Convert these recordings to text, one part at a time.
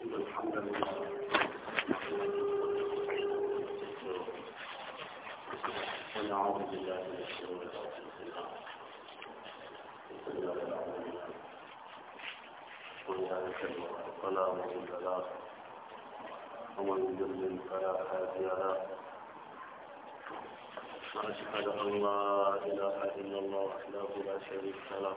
الحمد لله ونعوذ بالله من شرور انفسنا وسيئات اعمالنا من يهدك الله فلا مضل له ومن يضلل فلا هادي له واشهد ان لا اله الا الله وحده لا شريك له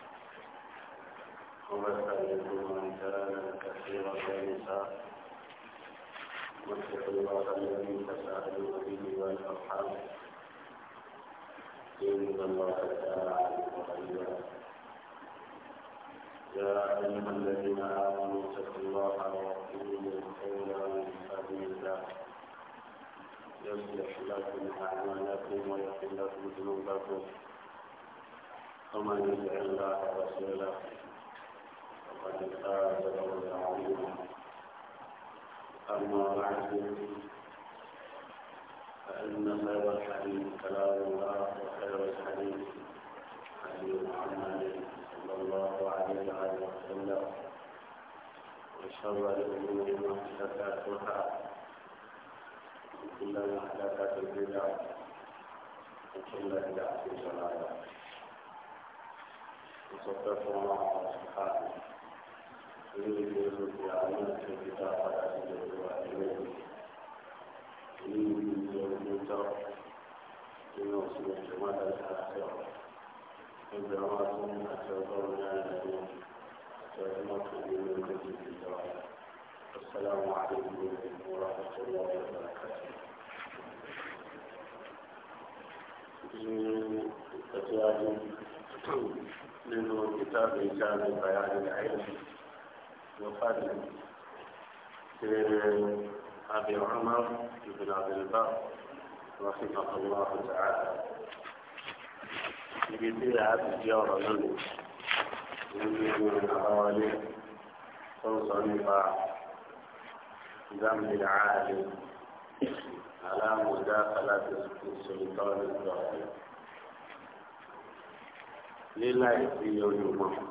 ومسألكم من كان كثيرا النساء واتقوا الله الذي تساءلون به والأرحام إن الله تعالى قريبا يا أيها الذين آمنوا اتقوا الله وقولوا قولا سديدا يصلح لكم أعمالكم ويغفر لكم ذنوبكم ومن يطع الله ورسوله وقد فاز فوزا عظيما أما بعد فإن خير الحديث كلام الله وخير الحديث حديث محمد صلى الله عليه وسلم وشر الأمور محدثاتها وكل محدثات البدع وكل بدعة ضلالة وصدقنا الله سبحانه السلام عليكم ورحمة الله وبركاته. من كتاب كتاب بيان العلم وفاته أبي عمر بن عبد البر رحمه الله تعالى يقول عبد الجار لنا من الحوالي تنصنف ذنب العالم على مداخلة السلطان الظاهر لله في يوم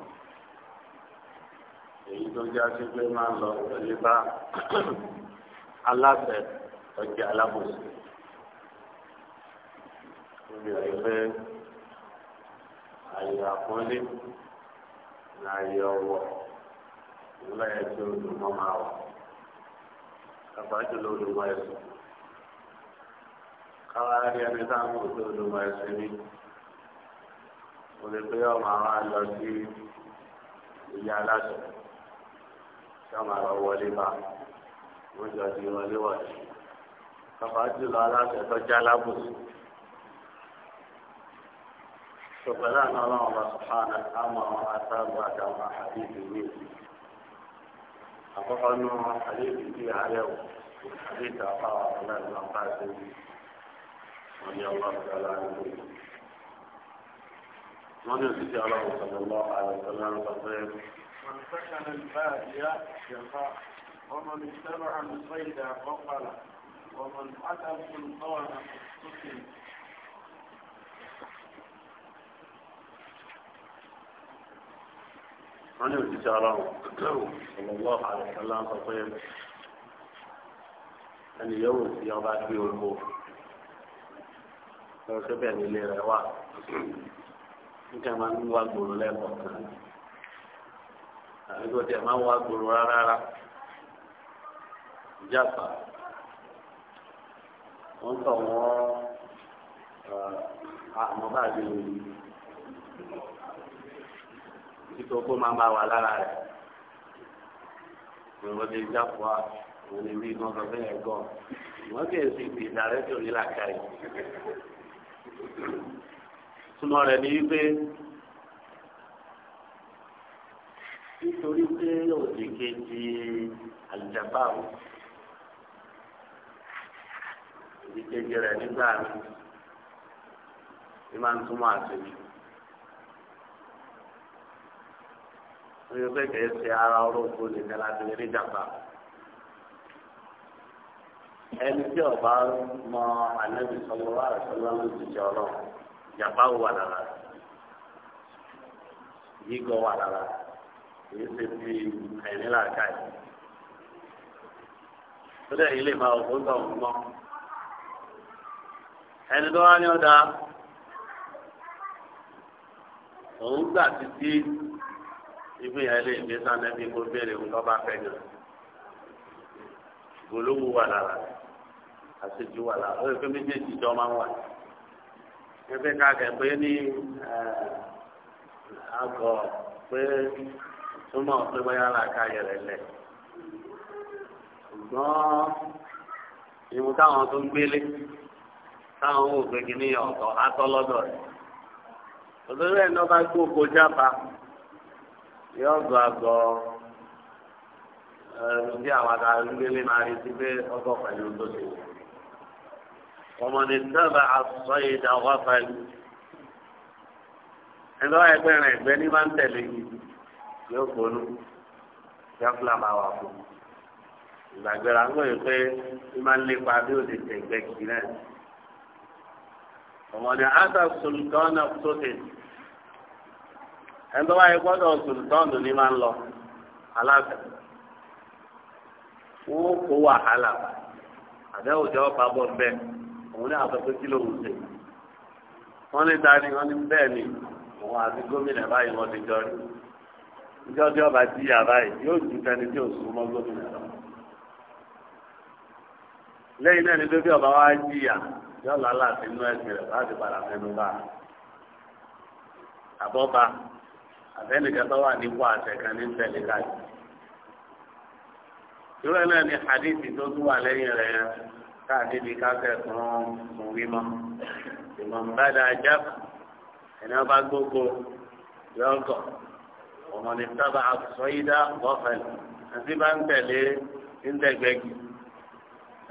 èyí tó já sí pé máa ń lọ pẹ̀lú bá aláṣẹ ọjà alábòsí níbi àìpẹ́ àyè àpọ́nlé ní àyè ọwọ́ ìwúlá yẹn tí olùmọ́ máa wà àbájúlọ olùmọ́ ẹ̀sìn káwárí ẹni táwọn òṣèlú olùmọ́ ẹ̀sìn ní olùgbé ọmọ àwọn àlọ́ sí ìyá aláṣẹ. káwọn ará wọlé ba wọn jọ di wọlé wọlé bàbá jùlọ aláṣẹ tó já lábò ṣùgbọ́n láàánú ọlọ́run ọba sùpáànà àmọ́ àtàgbà àtàwọn àdéhùn mi àkọ́kọ́ nù àdéhùn tí àárẹ̀ wò àdéhùn àpáwọ̀ ọ̀làdùn àpá àdéhùn wọn ni ọlọ́run ọba láàánú wọn ni òṣìṣẹ́ sọ̀rọ̀ من سكن البادية شفاء ومن اتبع الصيد فقل ومن أتى السلطان سكن عن الإشارة صلى الله عليه وسلم تطيب أن يوم يضع فيه الموت lọ́sẹ̀ bẹ́ẹ̀ ni ilé rẹ̀ wà nígbà máa ń tàbí kó tẹ̀ máa ń wá gbòòrò rárá ìjàpá wọ́n tọ̀ wọ́n àmọ́ bá gbé lórí títí ó kó máa bá wà lára rẹ̀ ìrọ̀lẹ́ lè jáfọ́ a òun lè rí bẹ́ẹ̀ gan wọ́n kì í sì fi ìdárẹ́jọ́ nílà káyì. túmọ̀ rẹ̀ ni wípé. nítorí pé òdì kejì àlùjábá o òdì kejì rẹ̀ nígbà mi ni máa ń túmọ̀ àtẹ̀yìn. oye pé kìí ṣe ara orógbó lè ní láti lè rí ẹni tí ọba mọ ànábì sọlọ wà sọlọ lójijì ọlọ jàmbá wà lára yígọ wà lára kìí ṣe ti àìníla káì tó dẹ̀ yìí lè máa wò ó gbà mọ́ ẹni tó wá ní ọ̀dà òun gbà títí ibi yẹn lè gbé sanẹ́bí kó béèrè nǹkan bá fẹ́ gan gbólóhùn wà lára rẹ̀ àṣejù wà lára ó yẹ kó méjèèjì jọ máa ń wà ẹgbẹ́ ká kẹ̀ pé ní àgọ́ pé súnmọ́ pé bóyá ara ká yẹrẹ lẹ̀ ṣùgbọ́n ìwú táwọn tó ń gbélé táwọn ò gbé kí ní ọ̀tọ̀ atọ́lọ́dọ̀ rẹ̀ òṣèré ẹ̀ náà bá gbó oko jápa yóò gbọ́ àgọ́ bí àwọn àgbà gbélé máa rí sí pé ọkọ̀ pẹ̀lú tó ṣe wò. ọmọdé dábàá àṣọ ìdá ọgọ́fà ẹni. ẹgbẹ́ wa ẹgbẹ́ rẹ̀ ẹgbẹ́ ní máa ń tẹ̀lé yìí. yóò gbónú jáfúlà máa wà fún ìgbàgbéra ń wòye pé bí máa ń lépa bí ó ti tẹ̀ gbẹ kì náà ọmọdé ata sultana sókè ẹni tó bá yẹ ni máa ń lọ aláṣẹ wọn kó wàhálà òun ní kí ló ń ṣe ní dání ní ni òun àti gómìnà báyìí ti jọ rí. ìjọ tí ọba ti yà báyìí yóò ju tẹni tí ò sún mọ́ gómìnà lọ. lẹ́yìn náà ni pé bí ọba wa jìyà yóò lálà sí inú ẹ̀sìn rẹ̀ láti padà fẹnu bá a. àbọ̀ba àfẹnìkan tó wà nípò àṣẹ kan ní tẹ̀lé káàkiri. irú ẹ̀ náà ni hadith tó tún wà lẹ́yìn rẹ̀ yẹn káàkiri fún un wímọ́. ìmọ̀ nbàdà ajá ẹni ọba gbogbo yọ̀ọ̀kọ̀ ọmọdé sábà àtúnṣe ìdá wọ́fẹ̀lì àti bá ń tẹ̀lé ń tẹ̀gbẹ́gì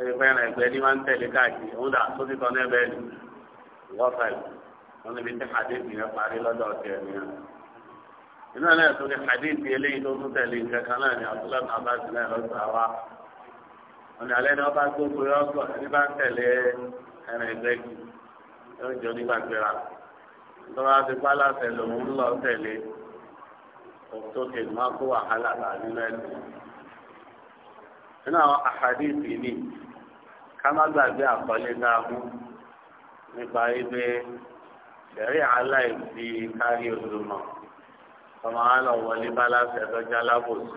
ẹgbẹ́ rẹ̀ ẹgbẹ́ ní máa ń tẹ̀lé káàkiri òun dà tó ti tọ́ ní ẹbẹ̀ wọ́fẹ̀lì wọn níbi tí hadithi yẹn parí lọ́dọ̀ ọ̀tẹ̀ ẹ̀mìíràn. iná náà tó ní hadithi eléyìí tó tún tẹ̀lé kankan náà ní abdullahi abbas náà lọ́sọ̀ àwa wọn ní alẹ́ ní ọba tó kú yọ ẹni bá ń tẹ̀lé ẹ̀rìn ẹgbẹ́gì yóò jọ nígbàgbéra ìtọ́wá ti pálá tẹ̀lé òun lọ tẹ̀lé òtókè má kó wàhálà bá nínú ẹnu nínú àwọn àhàdìsì ni ká má gbàgbé àkọlé náà mú nípa ibẹ̀ ṣẹ̀rí aláìsí kárí olùmọ̀ ọmọ àlọ́ wọlé báláṣẹ lọ́jà lábòsí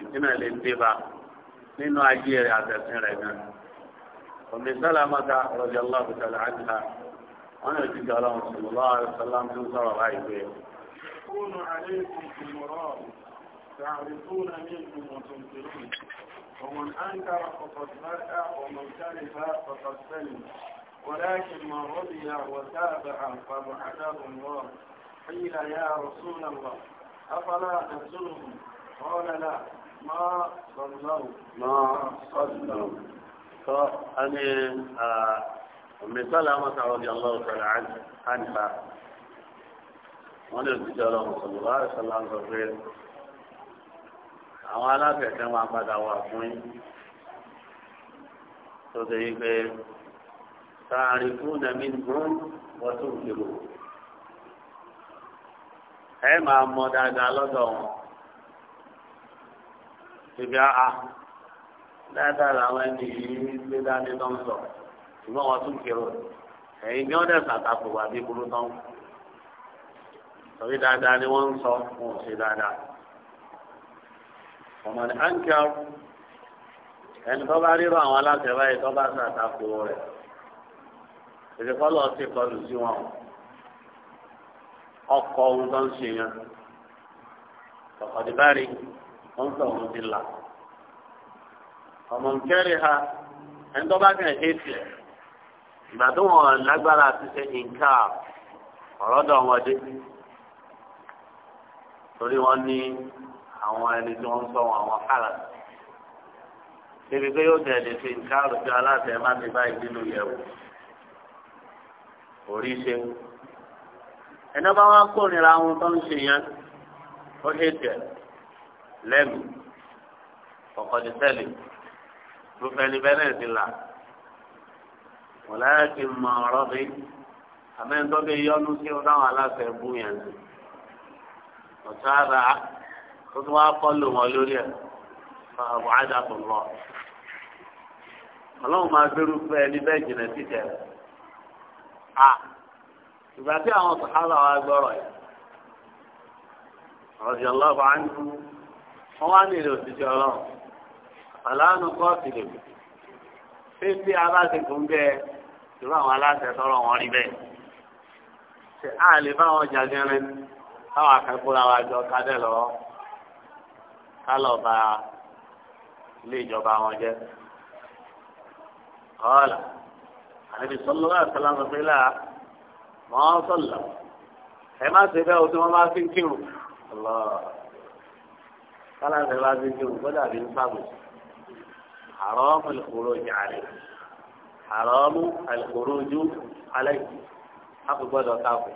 ìdínà lè dé bá nínú ayé rẹ̀ àtẹ̀sìn rẹ̀ náà omi sálámàtà rọ̀jọ́ lọ́bùtàlá àdìhà wọn yóò ti jọ ọlọ́run sọ̀rọ̀ lọ́wọ́ àrùsọ̀lá tó ń sọ̀rọ̀ láìpẹ́ يكون عليكم المراد تعرفون منكم وتنكرون ومن أنكر فقد برأ ومن كره فقد سلم ولكن من رضي وتابع فمحده الله قيل يا رسول الله أفلا تسلهم قال لا ما صلوا ما صلوا فأني أم سلمة رضي الله تعالى عنها wọ́n lè jíjọ lọ mùsùlùmí wá ìṣọ̀lá ń sọ pé àwọn aláṣẹ kan máa padà wà fún yín tó ṣe yí pé sáàrì fún nàmí gbọ́n wọ́n tó ń kérò ẹ máa mọ dáadáa lọ́dọ̀ wọn ibi àá dáadáa làwọn ẹni yìí gbé dání tó ṣùgbọ́n wọ́n tún kérò ẹ̀yin ni wọ́n dẹ̀ sàtàkùn àbí burú tó ń tori dáadáa ni wọ́n ń sọ wọn ò ṣe dáadáa. ọmọ ní ànkà ẹni tó bá rírọ àwọn aláṣẹ báyìí tó bá ṣàtàkù rẹ̀ èdè kọ́ lọ́ọ́ sì kọlù sí wọn ọkọ̀ ohun tó ń ṣe yẹn sọ ha ẹni tó bá kàn é ìgbà tó wọn lágbára ti ṣe torí wọ́n ní àwọn ẹni tí wọ́n ń sọ wọn àwọn kàrà débi pé yóò tẹ̀ lè fi nǹkan àròjọ aláṣẹ má ti báyìí nínú yẹ̀wò orí ṣe ẹni bá wá kórìíra àwọn tó ń ṣe yẹn ó ṣe tẹ̀ lẹ́nu ọ̀kọ̀dẹ́sẹ̀lẹ̀ rúfẹ́ni bẹ́ẹ̀ ti là wọ́n kí n mọ ọ̀rọ̀ bí àmẹ́ńtọ́ bí yọnu sí ọ̀dáwọn aláṣẹ bú yẹn sí ọ̀tá ara ó tún wá kọ́lù wọn lórí ẹ̀ àwọn àdàbọ̀ lọ. ọlọ́run máa gbérú fún ẹni bẹ́ẹ̀ jìnà títẹ̀ rẹ̀. a ìgbà tí àwọn sàhálà wa gbọ́rọ̀ yìí ọ̀rọ̀dì ọlọ́ọ̀bà á ń dú wọ́n wá nílò òṣìṣẹ́ ọlọ́run àlàánú kọ́ọ̀tì lè mú fífi aláṣẹ gbòǹgẹ ìrú àwọn aláṣẹ tọrọ wọn rí bẹ́ẹ̀ ṣe á lè bá wọn jà gẹrẹ káwọn akẹ́kọ̀ọ́ wa jọ kádẹ́ lọ kálọ̀ bá ilé ìjọba wọn jẹ́ kọ́ọ̀là àlebi sọlọ náà sọlámù sílá mọ́ sọlọ ẹ má ṣe bẹ́ẹ̀ o tí wọ́n bá fi ń kírun lọ kálá ṣe bá fi ń kírun gbọ́dọ̀ àbí ń sábò àrọ́mù al-khuruj alayhi àrọ́mù al-khuruj alayhi á fi gbọ́dọ̀ sábò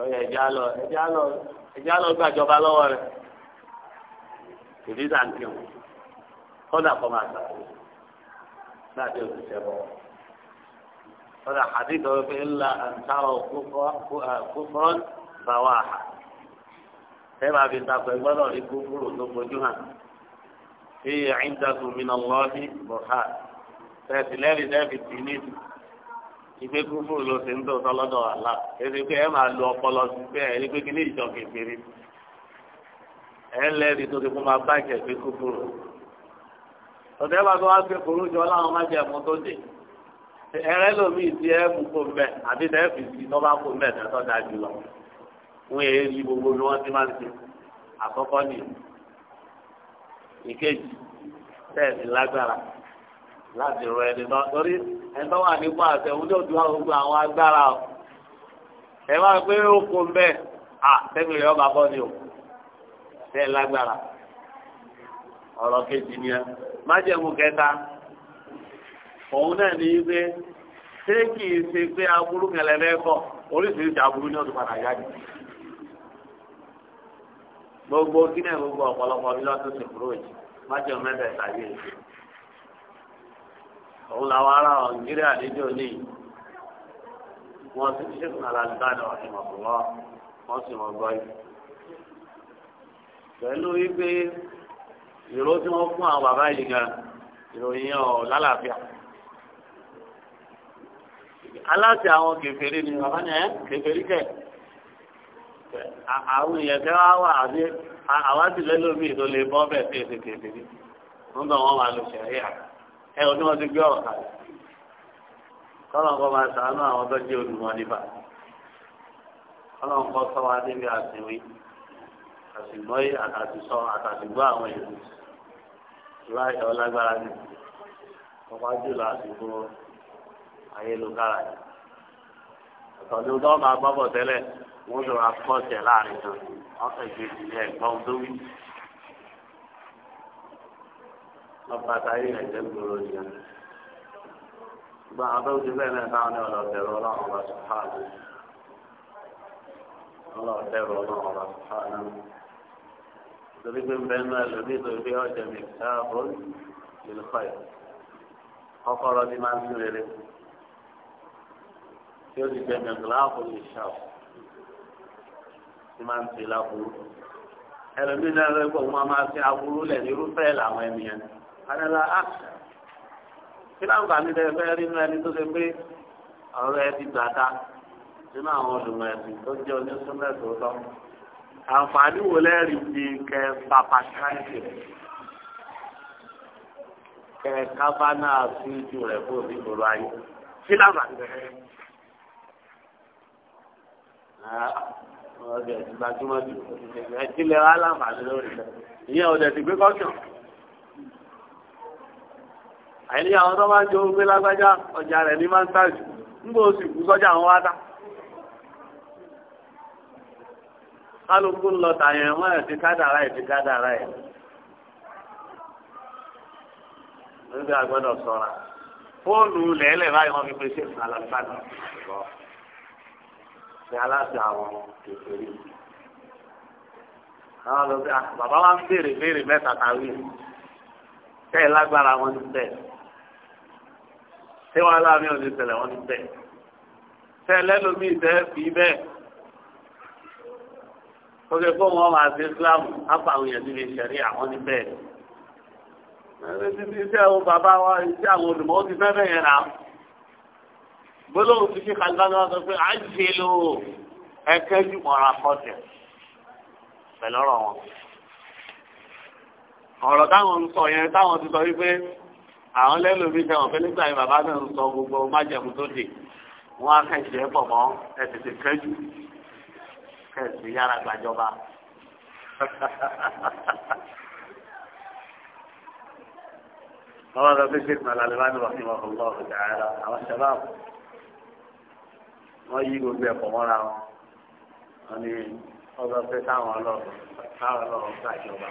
lọ́yọ̀ ẹ̀já lọ ẹ̀já lọ ẹ̀já lọ gbàjọba lọ́wọ́ rẹ̀ ìdíjà ń kírun kọ́dà kọ́ máa gbà láti òṣìṣẹ́ bọ̀ kọ́dà àdìgbò pé ńlá àǹtárọ̀ kúkúrọ́ báwa hà tẹ́lá fi takò ẹgbọ́dọ̀ rí kúkúrò tó fojú hàn fi ẹ̀yìn dàgbù mí náà lọ́ọ́ ní bọ̀há tẹ̀sílẹ́rì lẹ́ẹ̀fì tì ní ìgbé kúfúrú ló ṣe ń tó sọlọ́dọ̀ àlá èdè pé ẹ máa lo ọpọlọ sí pé ẹ ní pé kí ní ìjọ kékeré ẹ ń lẹ́rìí tó ti kó máa bá ìjẹ̀ pé kúfúrú. ọ̀dẹ́ bá tó wá pé kúrú jọ láwọn má jẹ́ ẹ̀mú tó dé ẹrẹ́ lómi ti ẹ̀ mú kó mbẹ́ àbí tẹ́ fi si tó bá kó mbẹ́ tẹ́tọ́ da jù lọ. wọ́n yẹ ẹ̀rí gbogbo ni wọ́n ti máa ń ṣe àkọ́kọ́ nìyẹn ìkejì tẹ́ẹ̀ láti rọ ẹni náà torí ẹni tó wà nípa àṣẹ òun yóò dúró gbogbo àwọn agbára o ẹ máa pé ń bẹ à ọba bọ́ ni o tẹ́ lágbára ọ̀rọ̀ kejì ni ẹ májẹ̀mú kẹta òun náà ní pé ṣé kì í ṣe pé aburú oríṣiríṣi aburú ni padà yá ni gbogbo kí náà gbogbo ọ̀pọ̀lọpọ̀ òun làwọn ará nàìjíríà nídìí òní wọn ti ṣe fún alágbádá wọn sì wọn gbọ́ yìí. pẹ̀lú wípé ìró tí wọ́n fún àwọn bàbá yìí gan ìròyìn ọ̀ lálàáfíà. aláṣẹ àwọn kèfèrí ni bàbá yẹn kèfèrí kẹ̀ àwọn èèyàn kẹ́ wá wà àbí àwọn àtìlẹ́lómi tó lè bọ́ bẹ̀ tètè kèfèrí. wọ́n bẹ̀ wọ́n máa lò ṣẹ̀ríà ẹ ò ní wọn ti gbé ọ̀rọ̀ kalẹ̀ kọ́nà kọ́ máa sàánú àwọn tó jẹ́ olùmọ̀ nípa kọ́nà kọ́ sọ wa níbi àtiwí àtìgbọ́yé àtàtìsọ àtàtìgbọ́ àwọn èèyàn ìwà ìyọ̀ lágbára ni ọ̀pá jùlọ àsìkò ayélujára yìí ọ̀tọ̀dún tó máa gbọ́ bọ̀ tẹ́lẹ̀ wọ́n lọ́ra pọ̀ tẹ̀ láàrin kan wọ́n fẹ̀ gbé tó wí ọba àtàyè ẹ̀jẹ̀ gbòòrò nìyẹn. ṣùgbọ́n àbẹ́ òjò bẹ́ẹ̀ náà táwọn ní ọlọ́ọ̀tẹ̀rọ ọlọ́run ọba sùhánù ọlọ́ọ̀tẹ̀rọ ọlọ́run ọba sùhánù. torí pé bẹ́ẹ̀ náà lòdì tó fi ọjà mi káàbọ̀ ìlú fàyè kọ́kọ́rọ́ ní máa ń sí rere tí ó ti bẹ̀rẹ̀ gíláàbù lè ṣàwọ̀ tí máa ń ti láburú ẹlòmíràn rẹ̀ pọ̀ wọ́n máa ti aburú lẹ̀ nírúfẹ́ làwọn ènìyàn àdàlà á kí láǹfà mi tẹ fẹ́ rí nínú ẹni tó ṣe pé ọ̀rọ̀ ẹ ti gbà ta nínú àwọn olùmọ̀ ẹ̀sìn tó jẹ́ onísúnlẹ̀ tòótọ́ àǹfààní wo lẹ́rìí di kẹ pàpàkáńtì kẹ kábánà sí ju rẹ̀ fún òbí gbòòrò ayé kí láǹfà mi tẹ fẹ́ rí ọ̀dẹ̀ ìgbàgbọ́mọdé ẹ̀jìnlẹ̀ aláǹfààní lórí ìyẹn ọ̀dẹ̀ ti gbé kọ́sùn. àìní àwọn tó máa ń lágbájá ọjà rẹ̀ ní máa ń tàjù nígbà sọ́jà àwọn wá dá. ń lọ ti kádàrá ẹ̀ ti kádàrá ẹ̀. nígbà gbọ́dọ̀ sọ̀ra fóònù lẹ́lẹ̀ báyìí wọ́n fi ṣe aláṣẹ àwọn kékeré. àwọn lọ ah, bàbá wa ń béèrè béèrè mẹ́ta lágbára ṣé wàá láàmì ò ní ṣẹlẹ̀ wọ́n ní bẹ́ẹ̀ ṣẹlẹ̀ lómi fi bẹ́ẹ̀ ó ṣe wọn máa ṣe Islam ápá àwọn èèyàn níbi ìṣẹ̀rí àwọn ní bẹ́ẹ̀ iṣẹ́ àwọn bàbá wa iṣẹ́ àwọn olùmọ̀ ó ti fẹ́ bẹ́ẹ̀ yẹn náà gbólóhùn ti fi kàlùbánu wa sọ pé à ń ṣe lò ó ẹkẹ́ ju ọ̀rọ̀ àkọsẹ̀ pẹ̀lú ọ̀rọ̀ wọn ọ̀rọ̀ táwọn ń sọ yẹn táwọn ti sọ wípé àwọn lẹ́nu bí fẹ́ràn fẹ́ nígbà yìí bàbá náà ń sọ gbogbo májẹ̀mú tó dé wọ́n á kẹ̀sì ẹ̀ pọ̀ mọ́ ẹ̀ tètè kẹ́jù kẹ̀sì yára gbàjọba. Bàbá lọ́bí ṣe ìpàlà lè bá ní wàhí wà fún lọ́ọ̀fù tààrà àwọn ṣàbáàbù. Wọ́n yí gbogbo ẹ̀pọ̀ mọ́ra wọn. Wọ́n ní ọgbọ́n pé táwọn ọlọ́run táwọn ọlọ́run gbàjọba.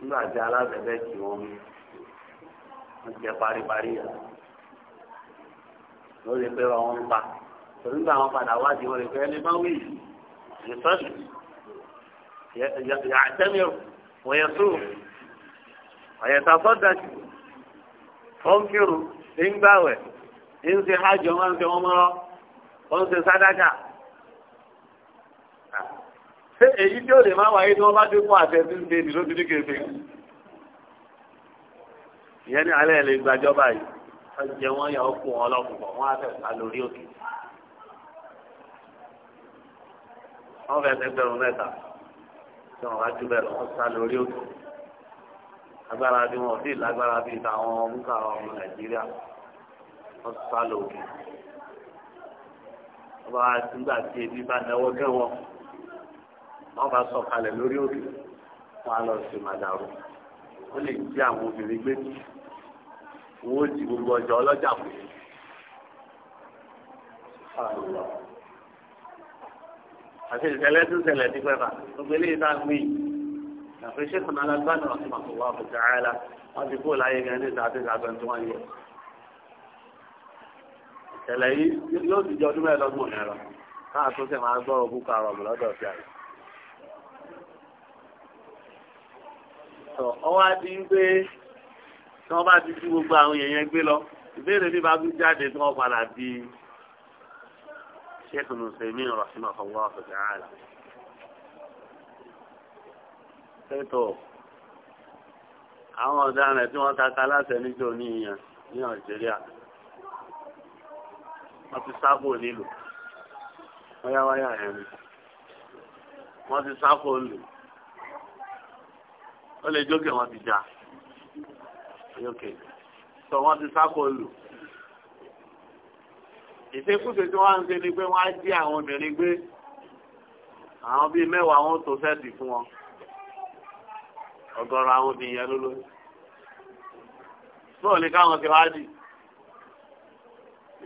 nígbà tí alábẹ̀bẹ̀ kì wọ́n mú wọ́n jẹ paríparí yà ló lè pé wọn ń pa nígbà wọn padà wádìí wọn lè pé ẹni máa wí ìsọ́sì yàtẹ́mìíràn wọ̀nyẹ̀sù ọ̀yẹ̀sàfọ́dàkì fọ́nkìrù ń gbàwẹ̀ ń ṣe hajj wọn ń ṣe wọn mọ́rọ́ wọn ń ṣe sádàkà ṣé èyí tí ó lè máa wáyé tí wọ́n bá dínkù àtẹ̀sí ń dèdì ló ti ní kéfì ìyẹn ní alẹ́ lè gbàjọba yìí wọ́n jẹ wọ́n yà ó kó wọn lọ́kùnkọ̀ wọ́n á fẹ̀sà lórí òkè wọ́n fẹ̀sẹ̀ gbẹ̀rún mẹ́ta tí wọ́n bá jù bẹ́ẹ̀ lọ́wọ́ sá lórí òkè agbára bí wọn ò sí lágbára bíi táwọn ọmọkà ọmọ nàìjíríà wọ́n sá lórí òkè wọ́n bá nígbà tí ebi bá náwó gẹ́ wọn bá sọ kalẹ̀ lórí òkè wọn á lọ sí màdàrú ó lè jí àwọn obìnrin gbé wọn ó di gbogbo ọjà ọlọ́jà kù. àti ìṣẹ̀lẹ̀ tún ṣẹlẹ̀ ní pẹ́pà gbogbo eléyìí náà gbé yìí àfi ṣẹ́kùn alágbáni wọn ti máa fọwọ́ àbùkù ààlà wọn ti kó láyé gan ní ìdájọ́ ìdájọ́ tí wọ́n yẹ. ìṣẹ̀lẹ̀ yìí yóò ti jẹ́ ọdún mẹ́ẹ̀ẹ́dọ́gbọ̀n náírà káà tó ṣe máa gbọ́ òkú karọ̀ọ̀mù lọ́dọ̀ sí àyè. sọ ọwọ́ á di pé tí wọ́n bá ti tú gbogbo àwọn èèyàn yẹn gbé lọ ìbéèrè mi bá tún jáde tí wọ́n padà di sheikh nusaymi rahimahullah ta'ala. ètò àwọn ọ̀daràn tí wọ́n taka aláṣẹ níjọ níyàn ní nàìjíríà wọ́n ti sáàpò nílò wáyáwáyá yẹn ni wọ́n ti sáàpò nílò ó lè jókè wọn ti já jókè sọ wọn ti sáko lù ìṣekúṣe tí wọn ń ṣe ni pé wọn á jí àwọn obìnrin gbé àwọn bíi mẹ́wàá wọn tó sẹ́ẹ̀tì fún wọn ọ̀gọ̀rọ̀ àwọn obìnrin yẹn ló lóyún bóòlù káwọn ti wá dì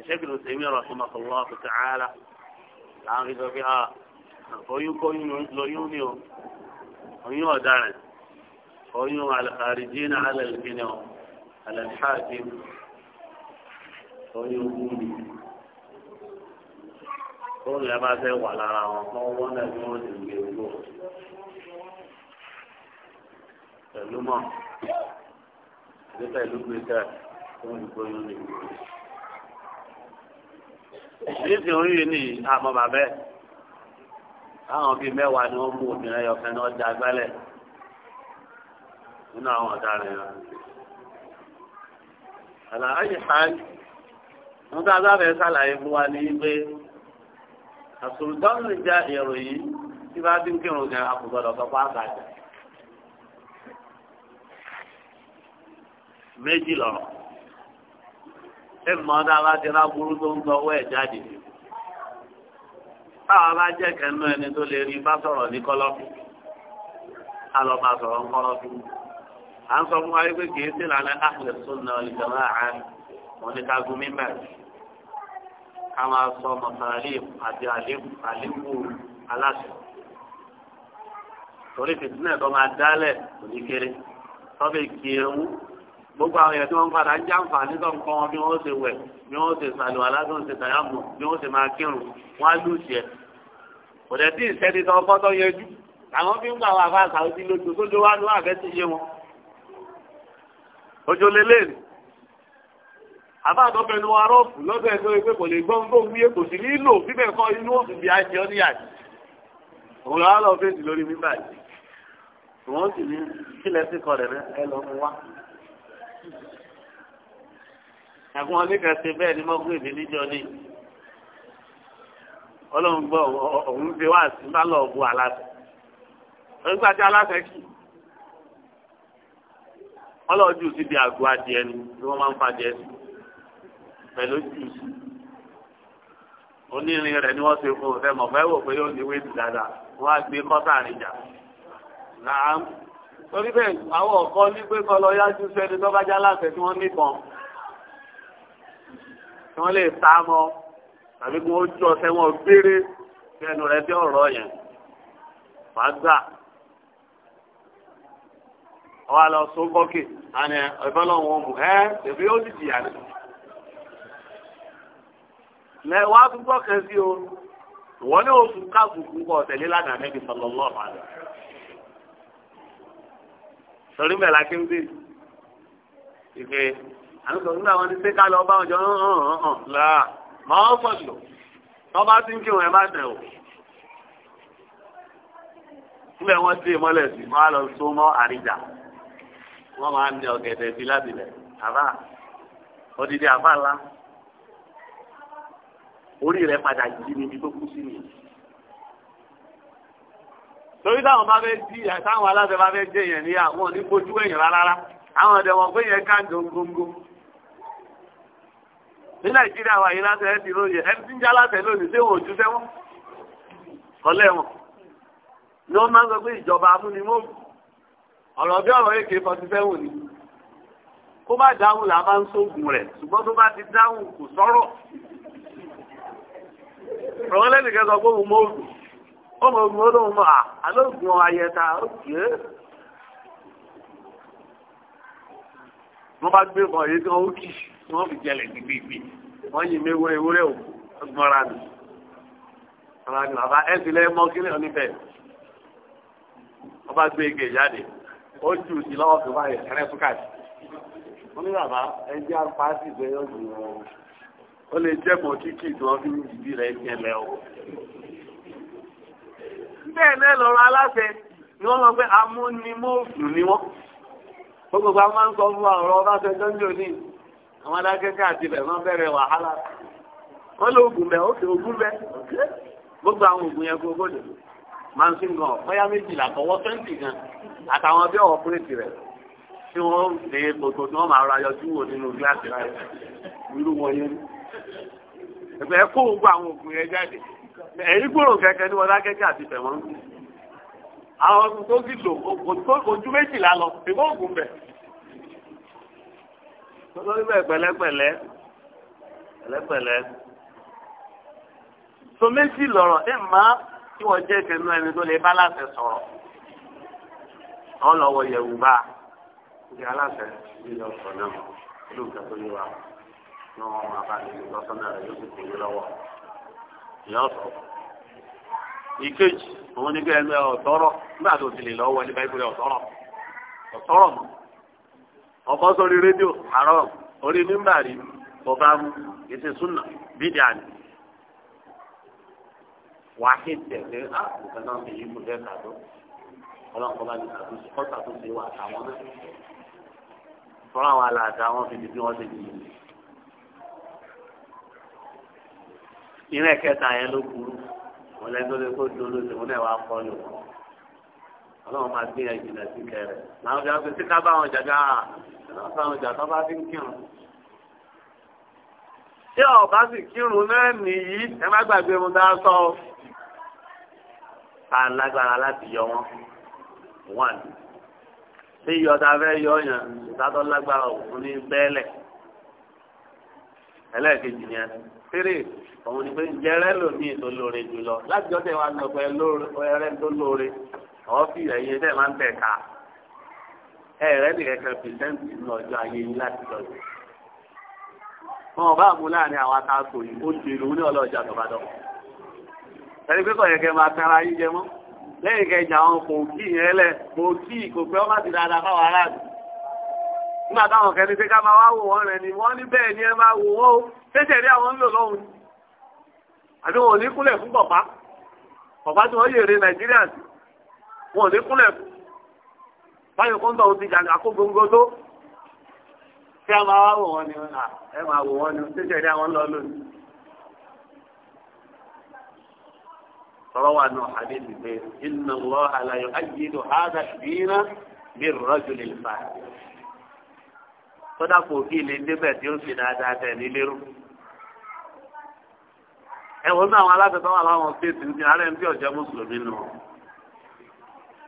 ìṣèkìlò sèmi ọ̀rọ̀ fún ọkọ̀wọ́ ọ̀kùtà ara làwọn fi sọ pé ah, oyún kóyún lóyún ni o oyún ọ̀daràn oyún alìkàrìjì náà alẹ́lẹ́kìnà alẹ́lẹ́kìnà oyún kúndì tóun yẹn bá fẹ́ wà lára wọn kọ́ wọ́n náà ní wọ́n ti gbé gbó pẹ̀lú mọ́ ní pẹ̀lú gbèsè tó ń gbóyún ní ìgbòho. Níbi oríire ni àmọ́ bàbẹ́, àwọn bíi mẹ́wàá ni wọ́n mú obìnrin ẹyọkẹ́ náà já gbálẹ̀ nínú àwọn ọ̀daràn yẹn. àlàyé ṣáájú wọn tá a sábẹ́ sàlàyé fún wa ní pé àsùnjọ́nù já èrò yìí tí bá ti ń kírun gan àkùgbọ́dọ̀ sọpá àgbàjá. méjì lọ́rọ̀ ẹ mọ̀ ọ́n tá a bá ti rá burú tó ń sọ owó ẹ̀ jáde táwa bá jẹ́ kẹ́nu ẹni tó lè rí bá sọ̀rọ̀ ní kọ́lọ́fù ká lọ bá sọ̀rọ̀ ń kọ́lọ́fù à ń sọ fún wa pé kì í sí ìlànà ahlu sunnah wal jama'ah wọn ní ká gun mímẹ́ ká máa sọ mọ̀sálẹ́ àti àlékù aláṣẹ torí fìtínà tó máa dálẹ̀ kò ní kéré tọ́bẹ̀ kí ewu gbogbo àwọn èèyàn tí wọ́n ń padà ń jàǹfààní tó ń kọ́ wọn bí wọ́n ṣe wẹ̀ bí wọ́n ṣe sàlù aládùn ṣe tàyàmù bí wọ́n ṣe máa kírun wọ́n á lùsì ẹ̀ kò dẹ̀ tí ìṣẹ́ni tó kọ́ tó yẹjú àwọn fi ń gbà wà fáṣà ó lójú tó ló wá ló àfẹ́ ojú lélẹ̀ ni àbáàdọ́ pẹ̀lú arọ́ọ̀fù lọ́dọ̀ ẹ̀ tó yẹ pé kò lè gbọ́n tó wúyé kò sí nílò bíbẹ̀ kọ́ inú òfin bí ajẹ́ ọ́ níyàjẹ́ òun lọ́wọ́ lọ fèsì lórí mímbà yìí wọ́n sì ní kílẹ̀ sí kọlẹ̀ rẹ ẹ lọ fún wa. ẹ̀gbọ́n oníkẹ́sẹ̀ bẹ́ẹ̀ ni mọ́gbó èmi níjọ ni ọlọ́run gbọ́ òun fi wá sí bá lọ́ọ̀ bu aláṣẹ. onígbàjẹ́ aláṣẹ kì í ọlọ́ọ̀jù sí di àgọ́ adìẹ ni tí wọ́n máa ń fàdìẹ sí pẹ̀lú jùùsì onírin rẹ̀ ni wọ́n ṣe fún un fẹ́ mọ̀ fẹ́ wò pé yóò ní wéètì dáadáa wọ́n á gbé kọ́tà àríjà náà torí bẹ́ẹ̀ àwọn ọ̀kọ́ ní pé kọ́ lọ yájú sẹ́ni tó bá já láṣẹ tí wọ́n nìkan tí wọ́n lè ta mọ́ tàbí kí wọ́n jọ sẹ́wọ̀n gbére fẹ́nu rẹ̀ bí ọ̀rọ̀ yẹn fàá gbà ọwọ́ àlọ́ sọ́gbọ́kì àni ìfẹ́lọ́wọ́ ọmọ ẹ́ tẹ̀bí ó dìdì àná. lẹ wá tún gbọ́kẹ́ sí o wọ́n ní oṣù káàkùkù kọ́ tẹ̀lé lánàá nẹ́bí sọlọ́lọ́ àná. sọrí mẹ́la kí n dé ìfẹ́ àwọn sọ̀rọ̀ nígbà wọn ti ṣe ká lọ bá wọn jọ hàn hàn hàn láà máa ń fọ̀lọ̀ wọ́n bá ti ń kírun ẹ̀ má tẹ̀ o sílẹ̀ wọ́n ti mọ́lẹ̀ sí máa lọ so mọ́ àríjà wọ́n máa ń ní ọ̀gẹ̀dẹ̀ bíi lábìlẹ̀ àbá odidi àbá ńlá orí rẹ̀ padà jí níbi tó kú sí nìyí. torí táwọn bá fẹ́ di àtàwọn aláṣẹ bá fẹ́ jẹ èèyàn ní àwọn ní bójú èèyàn rárá àwọn ọ̀dẹ̀ wọn pé yẹn ká ní nàìjíríà wà láṣẹ ẹ ti lóye ẹni tí ń já láṣẹ lónìí ṣé wọn ò júṣẹ́ wọn kọ́lẹ́ wọn ni wọ́n máa ń sọ pé ìjọba amúnimóògùn ọ̀rọ̀ bí ọ̀rọ̀ èké fọtí sẹ́wọ̀n ni kó bá dáhùn là máa ń sóògùn rẹ̀ ṣùgbọ́n tó bá ti dáhùn kò sọ̀rọ̀ ọ̀rọ̀ lẹ́nìkan sọ pé òun mọ òògùn ó mọ òògùn ó lóun mọ à alóògùn ayẹta ó kìí wọ́n bá gbé ọmọ yìí tí wọ́n kì í wọ́n fi jẹlẹ̀ gbígbí wọ́n yìí méwúrẹ́ ewúrẹ́ ò gbọ́nra nù ọ̀rọ̀ àti bàbá ẹ̀ sílẹ̀ mọ́ kílẹ̀ onífẹ̀ẹ́ wọ́n bá gbé ike jáde ó jù sí báyìí ẹ̀rẹ́ fún káàdì. wọ́n ní bàbá ẹjẹ́ apáàsì pé ó jù wọn ó lè jẹ́ mọ̀ kíkì tí wọ́n fi ń jìbí rẹ̀ jẹlẹ̀ o. bẹ́ẹ̀ náà lọ́rọ̀ aláṣẹ ni wọ́n sọ pé amúnimóòfù ni wọ́n. ó gbogbo a máa ń sọ fún ọ̀rọ̀ ọbaṣẹ jọ́njọ́ ní àwọn adákẹ́kẹ́ àti ibẹ̀ máa bẹ̀rẹ̀ wàhálà. wọ́n lé oògùn bẹ́ẹ̀ ókè oògùn bẹ́ẹ̀ gbogbo àwọn oògùn yẹn gbogbo máa ń sí nǹkan ọ̀pẹ́yà méjìlá kọ́wọ́ twenty gan àtàwọn bí ọ̀wọ́ pírètì rẹ̀ tí wọ́n lè gbogbo tí wọ́n máa ra yọjú wò nínú gíláàsì rẹ̀ irú wọn yẹn ní. ẹ̀fẹ̀ kó gbogbo àwọn oògùn yẹn jáde ẹ̀yìn gbòòrò kẹ̀kẹ́ ní wọn lákẹ́kẹ́ àti tẹ̀wọ́n. àwọn ọdún tó sì lò ojú méjìlá lọ ìbọn ògùn bẹ̀. lórí bẹ́ẹ̀ pẹ̀lẹ́pẹ̀lẹ́ pẹ̀lẹ́pẹ̀lẹ́ so méjì lọ̀rọ̀ ẹ̀ máa tí wọ́n jẹ́ kẹ́nu ẹni tó lè bá láṣẹ sọ̀rọ̀. ọlọ́wọ́ yẹ̀wù bá aláṣẹ nílò ọ̀sọ̀ náà ló tó yé wa ní wọn máa bá nílò lọ́sọ̀ náà rẹ̀ yóò sì kò yé lọ́wọ́ ìyá ọ̀sọ̀. ìkejì òun ní ọ̀tọ́rọ̀ nígbà tó ti lè lọ́wọ́ báyìí ọ̀tọ́rọ̀ ọ̀tọ́rọ̀ ọkọ sórí rédíò àárọ̀ orí mú ètè ọlọ́kọ̀ ní àtúnṣe kọ́tà tó ṣe wà àtàwọn náà fún àwọn alàdá wọn fi bí wọ́n ṣe di yìí. irú ẹ̀kẹta yẹn ló burú wọn lẹ́nu tó kó dùn lóṣù wọn náà wà á kọ́ lò ọlọ́run máa gbé yẹn jìnnà sí kẹrẹ làwọn ọjà àwọn jàgá àwọn sáwọn jà tó bá fi ń kírun. tí ọba sì kírun náà nìyí ẹ má gbàgbé mu dá sọ ta lágbára láti yọ wọn one tí yọta fẹ́ yọ yàn ìtàtọ́ lágbára òkú ní bẹ́ẹ̀lẹ̀ ẹlẹ́ẹ̀kejì yẹn tírì òun ni pé jẹrẹ lòmíì tó lóore jùlọ lájọ tẹ wá lọ pé ẹrẹ tó lóore ọ̀ọ́fì ẹ̀yẹ tẹ máa ń tẹ̀ ká ẹ̀rẹ́ nìkẹ́kẹ́ pìrìsẹ́ǹtì ní ọjọ́ ayé yín láti lọ sí. wọn ò bá mú láàrin àwọn akáàkò yìí ó ju ìlú ní ọlọ́ọ̀jà tó bá dọ̀. ẹni pé kọ̀yẹ̀kẹ́ máa tẹ́ra yín jẹ mọ́. lẹ́yìn kẹjà àwọn kò kí yẹn lẹ̀ kò kí kò pé ọmọ ti dáadáa fáwọn aráàlú. nígbà táwọn kẹni pé ká máa wá wò wọ́n ni wọ́n ní bẹ́ẹ̀ ni ẹ máa wò wọ́n o tẹ́tẹ̀ rí àwọn ń lò lọ́hùn. wọn ò ní kúnlẹ̀ fún bọ̀pá tí yèrè nàìjíríà ti jàǹdà kó gbogbo tó. a máa wá wò ni ẹ máa wò wọ́n ni روى أنه حديث البيت إن الله لا يؤيد هذا الدين بالرجل الفاعل فدعوا في لندبة يرسل هذا تاني لرو ẹ̀wọ̀n náà àwọn alágbẹ̀tọ́ wà láwọn stéètì ní ààrẹ ní ọjọ́ mùsùlùmí nù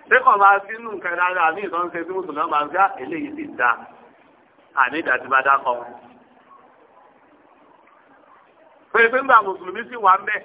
ṣé kàn máa sí nù nǹkan dáadáa ní ìtàn ṣe tí mùsùlùmí máa ń gbá eléyìí sì dá àní ìdàtìbádá kan pé pé ńgbà mùsùlùmí sì wà ń bẹ́ẹ̀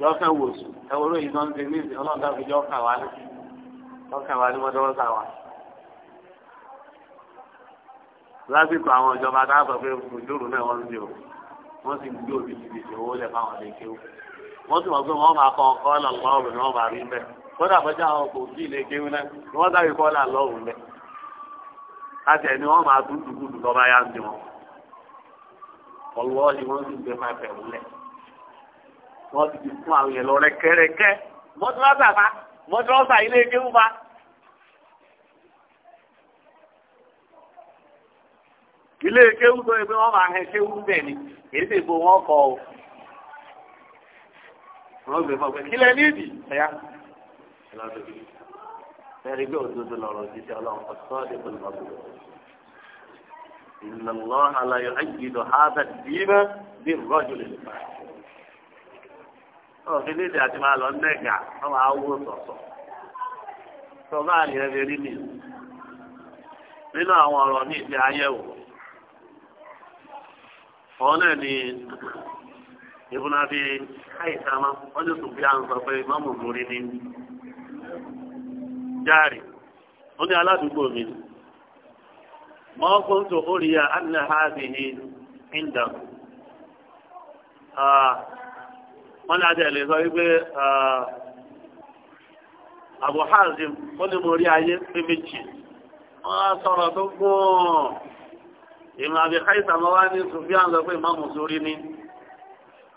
yọ wò sùn ẹwọ lóyìn náà ń ṣe ní ìsìn ọlọ́run dábìí yọ wá ní yọ wá ní mọ́tọ́mọ́tà wa. lásìkò àwọn ìjọba dáàbò pé òjòrò náà wọ́n ń ṣe o wọ́n sì ń gbé òbí ti ṣe owó lẹ̀ fáwọn ilé kéwù wọ́n sì mọ̀ pé wọ́n máa kọ ọkọ ọlọ́ọ̀lọ́ ọ̀rọ̀ ni wọ́n máa rí bẹ́ẹ̀ kódà bọ́jà àwọn kò sí ilé kéwù náà ni wọ́n dábìí kọ́ ọ̀là lọ́ọ̀rùn bẹ́ẹ̀ àti ẹni wọ́n máa dúdú gbùdù lọ́ba yá ń dì wọ́n ọlọ́ọ̀lì wọ́n sì gbé máa fẹ̀ wọ́n ti fún àwọn yẹn lọ rẹ́kẹ́rẹ́kẹ́ mọ́tòrọ́sà fa mọ́tòrọ́sà ilé kéwù fa. ilé kéwù tó yẹ pé wọ́n máa hẹ kéwù bẹ́ẹ̀ ni èyí sì bo wọ́n kọ o. wọ́n gbé fọ́ pé kílẹ̀ nídìí ẹ̀yà ẹ̀rí bí òdodo lọ́rọ̀ títí ọlọ́run ọ̀sọ́ ìbò lọ́dọ̀. Inna Allah la yu'ayyidu hadha ad-dina bir-rajuli al-fasiq. òfin dị àti alọ nne gaa wọ́n máa wó sọ̀sọ̀ tó bá nínú àwọn ọrọ ní ìdí ayẹ̀wò òun náà ni ìbùnà àìsàmá ọ ní bí a ń sọ pé mọ́mù lórí ní járe ó ní aládùúgbò mi mọ́ ha ní wọ́n ní adé lè sọ wípé Abu Hazim ó ní mo rí ayé pé méjì wọ́n á sọ̀rọ̀ tó gbọ́n ìmọ̀ àbí káyìsà máa wá ní Sufyan lọ pé ìmáàmù sórí ni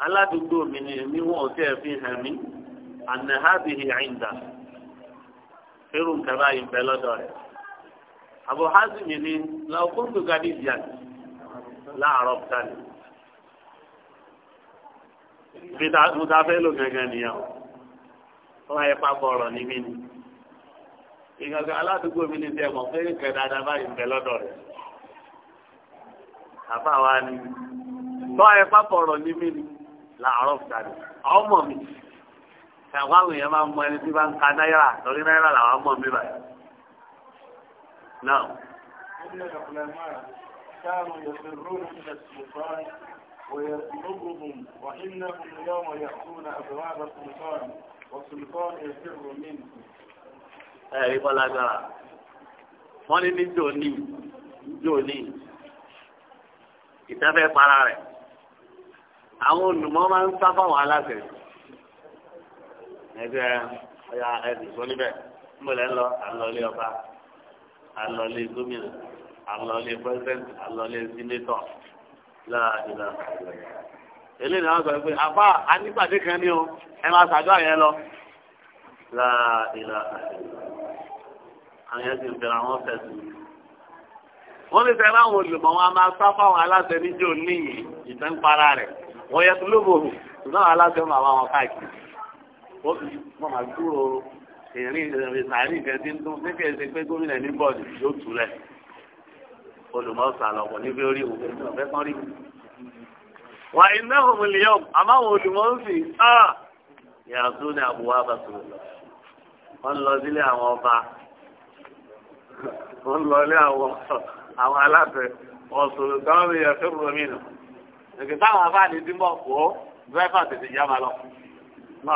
aládùúgbò mi ni èmi wọ́n ti ẹ̀ fi hàn mí àná hábìhì àìndà irú nǹkan lọ́dọ̀ rẹ̀ Abu ni làwọn kóńtò gadi jìyà láàárọ̀ tani bí mo ta fẹ́ lò gangan nìyẹn o wọ́n ayé papọ̀ ọ̀rọ̀ ní mí ni ìgbàgbọ́ aládùúgbò mi ní tẹ̀ mọ̀ pé nǹkan dáadáa báyìí ń bẹ lọ́dọ̀ rẹ̀ àfa wa ni wọ́n ayé papọ̀ ọ̀rọ̀ ní mí ni làárọ̀ fúdàdì ọmọ mi ẹ̀wọ́n àwọn èèyàn máa ń mọ ẹni tí bá ń ka náírà lórí náírà làwọn ọmọ mi báyìí náà. ويطلبهم وإنهم يوم يأتون أبواب السلطان والسلطان يفر منه ẹ̀rí kọ́ lágbára wọ́n ní ní jòní jòní ìtẹ́fẹ́ para rẹ̀ àwọn olùmọ́ máa ń sá fáwọn aláṣẹ ẹgbẹ́ ọ̀yà ẹ̀sìn tó níbẹ̀ ń ń lọ àlọ́lé ọba àlọ́lé gómìnà àlọ́lé pẹ́sidẹ́ntì àlọ́lé sínétọ̀ láàdìlà eléyìí náà sọ pé àbá anípàdé kan ní o ẹ máa ṣàdúrà yẹn lọ láàdìlà àwọn yẹn ti bẹ̀rẹ̀ àwọn fẹ̀sùn wọ́n ní sẹ́ni àwọn olùmọ̀ wọn a máa sá fáwọn aláṣẹ níjó níyìn ìtẹ́ ń para rẹ̀ wọ́n yẹ tó lóbòrò ṣùgbọ́n àwọn aláṣẹ wọn àwọn àwọn káàkiri ó fi wọ́n máa dúró ìrìn ìrìn sàárì ìfẹ́ tí ń tún kékeré ṣe pé gómìnà ní bọ́ọ̀dù yóò túlẹ̀ olùmọ̀ọ́sà lọ́pọ̀ níbi orí òun ọ̀fẹ́ kan rí. wà iná òun lè yọ àmọ́ àwọn olùmọ̀ọ́sì yàtú ní àbúwá bàtúrò lọ. wọ́n lọ sílé àwọn ọba wọ́n lọ lé àwọn àwọn aláṣẹ ọ̀sùn táwọn èèyàn fẹ́ bọ̀ mí nù. èkì táwọn afáàní ti mọ̀ kó dírẹ́fà tètè já ma lọ.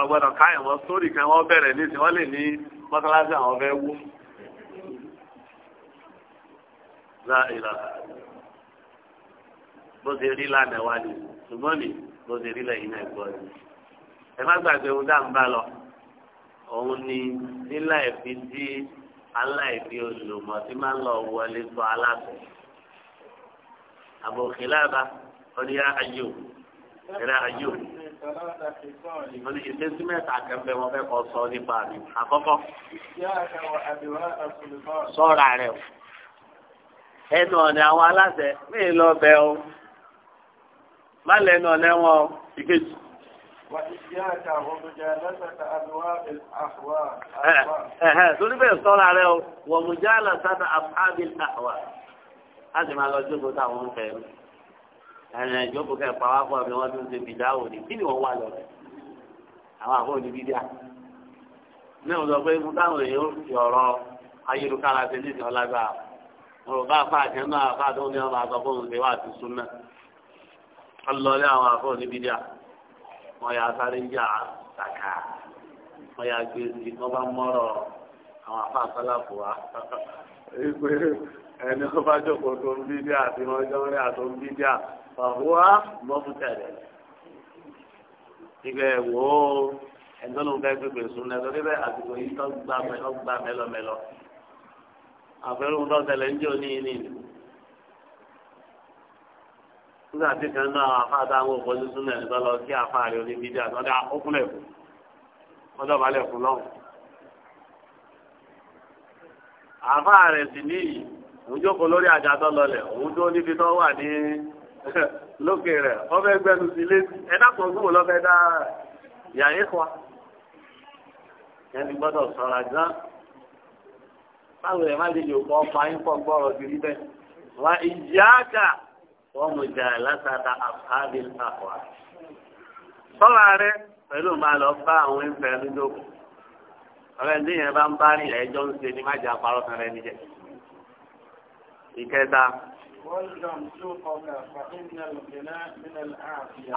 wọn ò káyọ̀ wọn sórí kan wọ́n bẹ̀rẹ̀ níṣẹ́ wọ́n lè ní mọ́sálásí àwọn fẹ́ wú láìra bó ṣe rí lánàá wá ní ṣùgbọ́n mi bó ṣe rí lẹ́yìn náà gbọ́ ni. ẹ má gbàgbé ohun tá à ń bá lọ òun ni nílà ìfi tí aláìfi olùmọ̀ tí máa ń lọ wọlé sọ aláṣẹ. àbòkè lába oníyá ayò ìrẹ ayò wọ́n ní ìṣesí mẹ́ta wọn fẹ́ kọ́ sọ nípa mi. àkọ́kọ́ sọ́ra rẹ̀ o ẹnu ọ̀nà àwọn aláṣẹ míì lọ bẹ o má lẹnu ọ̀nà wọn o ìkejì. torí bẹ́ẹ̀ sọ́ra rẹ o wọ́n mú jáàlá sáta àbábí àwà láti máa lọ jókòó táwọn ń fẹ́ ẹ̀rìn ìjókòó kẹ́ pàwápọ̀ bí wọ́n ti ń ṣe bìdáwò ní kí ni wọ́n wà lọ́dọ̀ àwọn àbọ̀ oníbídíà ní ọ̀dọ̀ pé mo táwọn èèyàn fi ọ̀rọ̀ ayélujára ṣe ní ìsìn ọlágbára ọ̀rọ̀ bá fà jẹ́ náà fà tó ní ọmọ àgbà fóun ṣe wà ti sún náà ọlọ́lẹ́ àwọn afọ́ níbi díà wọ́n yà sáré ń jà sàkà wọ́n yà gbé sí wọ́n bá mọ́rọ̀ àwọn afọ́ àsálàfò wa ìpè ẹni wọ́n bá jókòó tó ń bí díà àti wọ́n jọ ń rí àtó ń bí díà fàhùwà mọ́fútẹ̀lẹ̀ ibẹ̀ wò ó ẹ̀ńtọ́nù bẹ́ẹ̀ pépè sún náà lórí bẹ́ẹ̀ àsìkò yìí tó gbà mẹ́lọ àfẹ́rùn tó tẹ̀lé ń jẹ́ òní ní ìlú. nígbà tí kan náà àfáà táwọn òfojú súnmọ́ ẹ̀ lọ́lọ́ sí àfáà rẹ̀ oníbi díà lọ́dà ókúnlẹ̀ fún ọjọ́ balẹ̀ fún lọ́hùn. àfáà rẹ̀ sì níyì òun jókòó lórí àjà tó lọlẹ̀ òun tó níbi tó wà ní lókè rẹ̀ ọbẹ̀ gbẹnu sí létí ẹ dákun ọdún lọ́fẹ́ dá yàrá ìkọ́ ẹni gbọ́dọ̀ sọ̀rọ̀ gan báwo rẹ̀ má lè lè kọ́ ọ̀pá ń pọ̀ gbọ́rọ̀ sí níbẹ̀. wà ìyáàkà wọ́n mú jà látara àbáàbí àkọ́wà. sọ́ra rẹ pẹ̀lú máa lọ bá àwọn ẹ̀fẹ́ lójókòó. ọ̀rẹ́ ní yẹn bá ń bá ní ẹjọ́ ń ṣe ni má parọ́ kan rẹ níjẹ. ìkẹta.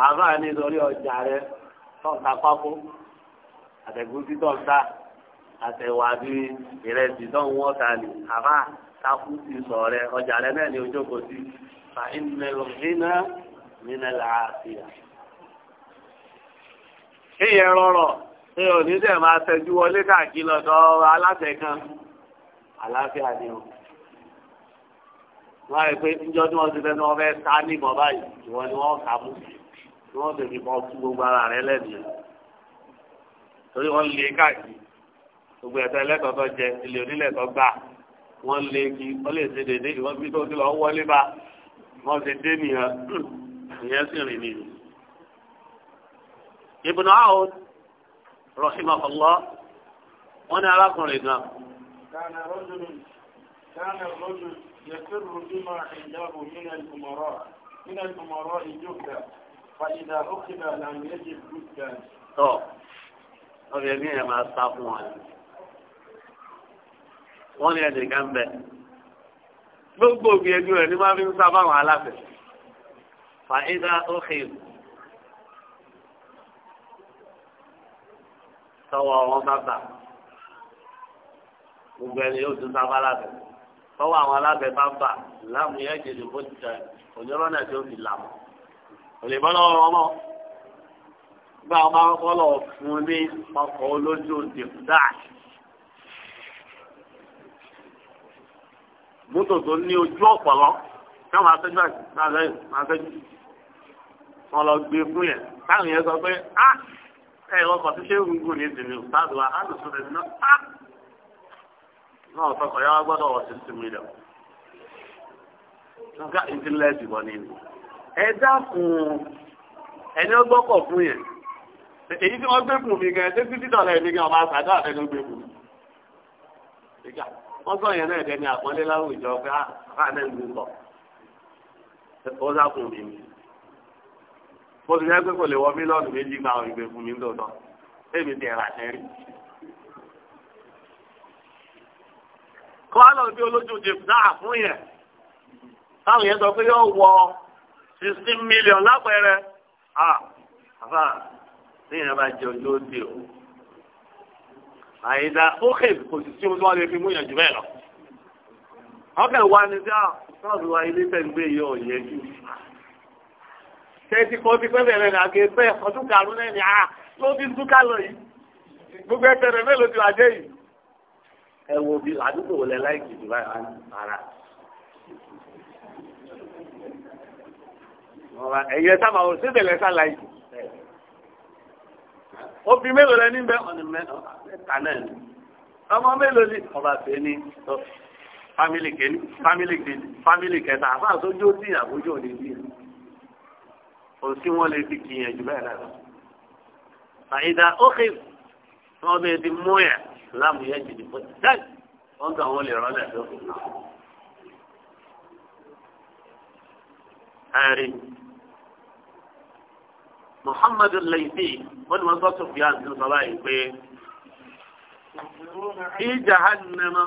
àbá nítorí ọjà rẹ tọ́ta pákó àtẹ̀gùn títọ́ àtẹ̀wà bí ìrẹsì tó ń wọ́n ta lè àbá takú ti sọ rẹ ọjà rẹ náà ni ojú kò sí fa ìnẹlò iná nínú làásìá. kéèyàn rọrọ pé òní máa tẹjú wọlé káàkiri lọ́dọ̀ aláṣẹ kan àlàáfíà ni o wọ́n á rí i pé níjọ́ tí wọ́n ti fẹ́ ní wọ́n fẹ́ ta níbọ̀ báyìí ìwọ ni wọ́n kà mú tí wọ́n sì fi bọ́ tú gbogbo ara rẹ lẹ́nu torí wọ́n lè káàkiri gbogbo ẹ̀tọ́ ẹlẹ́tọ̀ọ́tọ̀ jẹ ilé onílẹ̀tọ̀ gbà wọ́n lé kí wọ́n lè ṣe dédé ìwọ́n bí tó ti lọ wọlé bá wọ́n ti dé nìyẹn ìyẹn sì rìn nìyí. Ibn Aoun rahimahullah wọ́n ní arákùnrin náà. كان رجل كان الرجل يسر بما عنده من الأمراء من الأمراء جهدا فإذا أخذ لم يجد جدا. tọ́ ọ̀rẹ́ mi ẹ̀ máa sá fún wa wọ́n ní ẹnìkan bẹ gbogbo gbìyànjú rẹ̀ ní máa fi ń sábà wọn aláfẹ fàáyídá òkè tọwọ́ wọn bàbà gbogbo ẹni yóò tún sábà aláfẹ tọwọ́ àwọn aláfẹ bàbà láàmúyẹ jẹjẹrẹ bó ti tẹ ònyọrọ náà tó fi làmú òlè bọ́ lọ́wọ́ wọn mọ́ gba ọmọ akọ́lọ̀ fún ní ọkọ̀ olójú òdìbò dáàsì. mọ́tò tó ní ojú ọ̀pọ̀lọ́ kí wọ́n máa fẹ́ gbà máa wọn lọ gbé fún yẹn táwọn yẹn sọ pé á ah! ẹ ọkọ̀ tó ṣe ń gùn ní ìdìbò sáàdù wa á lò sóde ní náà náà sọkọ̀ yà wá gbọ́dọ̀ wọ̀ sí sinmi lọ. nǹkan ìdílé ìdìbò ni ẹ dákun ẹni ó fún yẹn èyí tí wọ́n gbé fún mi gan ẹ dé títí dọ̀lẹ́ mi gan ọmọ wọ́n yẹn náà dẹni àpọ́nlé láwùjọ pé ah, àbá náà ń gbé bọ̀ ó sákùn mi mi mo sì jẹ́ pé kò lè wọ mílíọ̀nù méjì gba àwọn ìgbè mi lóòótọ́ èmi ti rà sẹ́rí. kọ́lá bí olójú ti dáa fún yẹn táwọn yẹn sọ pé yóò wọ sixteen million lápẹẹrẹ ah, àbá ní ìyẹn bá jẹ ojú ó dé o àyíká ó kéde kò sì sí ohun tí wọ́n lè fi mú yànjú bẹ́ẹ̀ lọ. wọ́n kàn wá ní sáà sọ́ọ̀bù ah, wa ilé fẹ́ gbé yọ ọ̀yẹ́ jù. tẹ́tí kan ti pẹ́ bẹ̀rẹ̀ ní àgbẹ̀ pẹ́ ọdún karùn náà ni a ah, ló fi ń dúkà lọ yìí. gbogbo ẹ̀tẹ̀rẹ̀ mélòó ti wà jẹ́ yìí. ẹ wo bí àdúgbò wọlé láìkì jù báyìí ara. ẹ̀yẹ sábà ò sí ìbẹ̀lẹ̀ láìkì obì mélòó lẹ níbẹ̀ ọ̀nà mẹ́ta náà ni ọmọ mélòó ni ọba tẹ ní family kẹni family kẹni family kẹta àbá àtọ́jú òdì àbójú òdì bí kò sí wọn lè fi kìyànjú bẹ́ẹ̀ náà lọ. àyíká ókè wọn bẹ ti mú yẹ lámùyẹ jìnnì fún dáì wọn kàn wọn lè rọlẹ̀ lókè náà muhammadu laifi wọ́n ni wọ́n sọ tó fi hàn sí sọ báyìí pé fi jahannama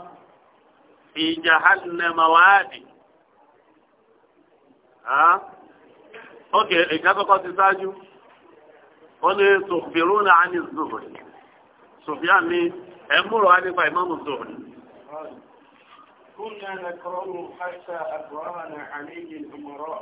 fi jahannama wáàdì. Ah? ok ìkàtọ́kọ́ ti ṣáájú wọ́n ni tukhbiruna ani zuhri sùfíà mi ẹ̀ ń múrò wá nípa ìmọ̀mù zuhri. كنا نكرهه حتى أكرهنا عليه الأمراء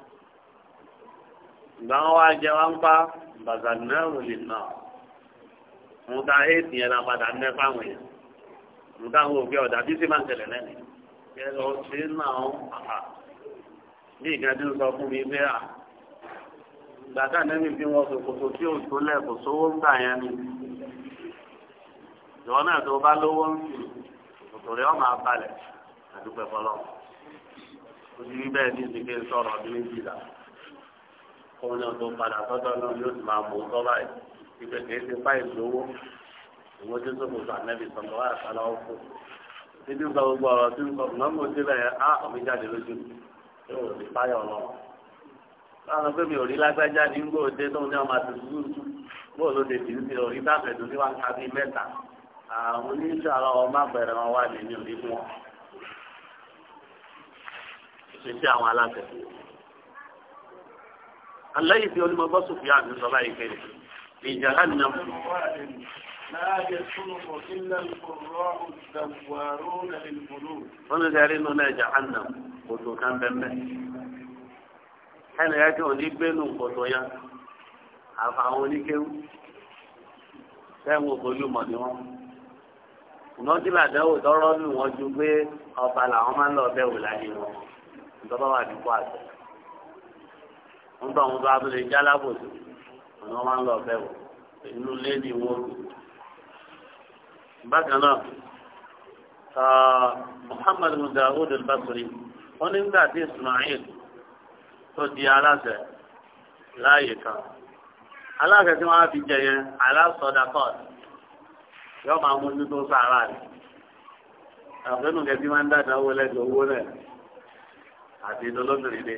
ìgbà wọn wá jẹ wá ń pa bàtà náà wò lè nà mo ta éèdì yẹn la padà ń nẹ́fà àwọn èèyàn mo ta àwọn ọ̀dà bí sì máa ń tẹ̀lẹ̀ lẹ́nu kẹ lọ sí náà àhà bí ìgbà tí ń sọ fún mi bẹ́ẹ̀ à gbàtà nẹ́bí fi wọn sòkòtò tí ò tó lẹ̀ kò sówó ń gbà yẹn ni ìwọ náà tó bá lówó ń sùn sòkòtò rẹ ọmọ abalẹ̀ àdúgbò ẹ̀fọ́ lọ. Ojú bíbẹ́ ní ìdílé sọ̀rọ̀ ọdún méjìlá kóun náà padà sọ́dọ̀ náà yóò sì máa mú un sọ́ba yìí ìgbẹ́ kìí ṣe báyìí lówó ìwọ tí sọ́kò sọ ànẹ́bí sọ̀rọ̀ wáyà sálá ó títí sọ gbogbo ọ̀rọ̀ tí ń sọ ṣùgbọ́n mo ti bẹ̀rẹ̀ á ọ̀mí jáde lójú tí mo sì fáyọ̀ lọ. láwọn pé mi ò rí lágbájá ní gbòó dé tóun ní ń ka ọmọ àpẹẹrẹ wọn aláyé fi olúmọ bọ́ sùfìyà àti sọlá ìkẹyẹ ìjà hànà. wọ́n ti rí nínú ẹ̀jà hànà kòtò kan bẹ́ẹ̀ ẹnì yẹn tí wọ́n ní gbénu kòtò yẹn àfàwọn oníkéwú sẹ́wọ̀n olúmọ ni wọ́n ṣùgbọ́n tí làdáwò tọrọ nù wọ́n ju pé ọba làwọn máa ń lọ bẹ́ẹ̀ wò láyé wọn ìjọba wà ní kó àtẹ ńgbà wọn bá abúlé jálábòsí ni wọn máa ń lọ bẹ̀ wò inú lé ní wọn lò. bákan náà muhammadu dawud al-basri wọn nígbà tí ismail tó di aláṣẹ láàyè kan aláṣẹ tí wọn á fi jẹ yẹn aláṣọdakọt yóò máa mójú tó sàárà rẹ àfẹnugẹ tí wọn ń dàdá owó lẹgbẹ owó rẹ àti ìdólóbìnrin dé.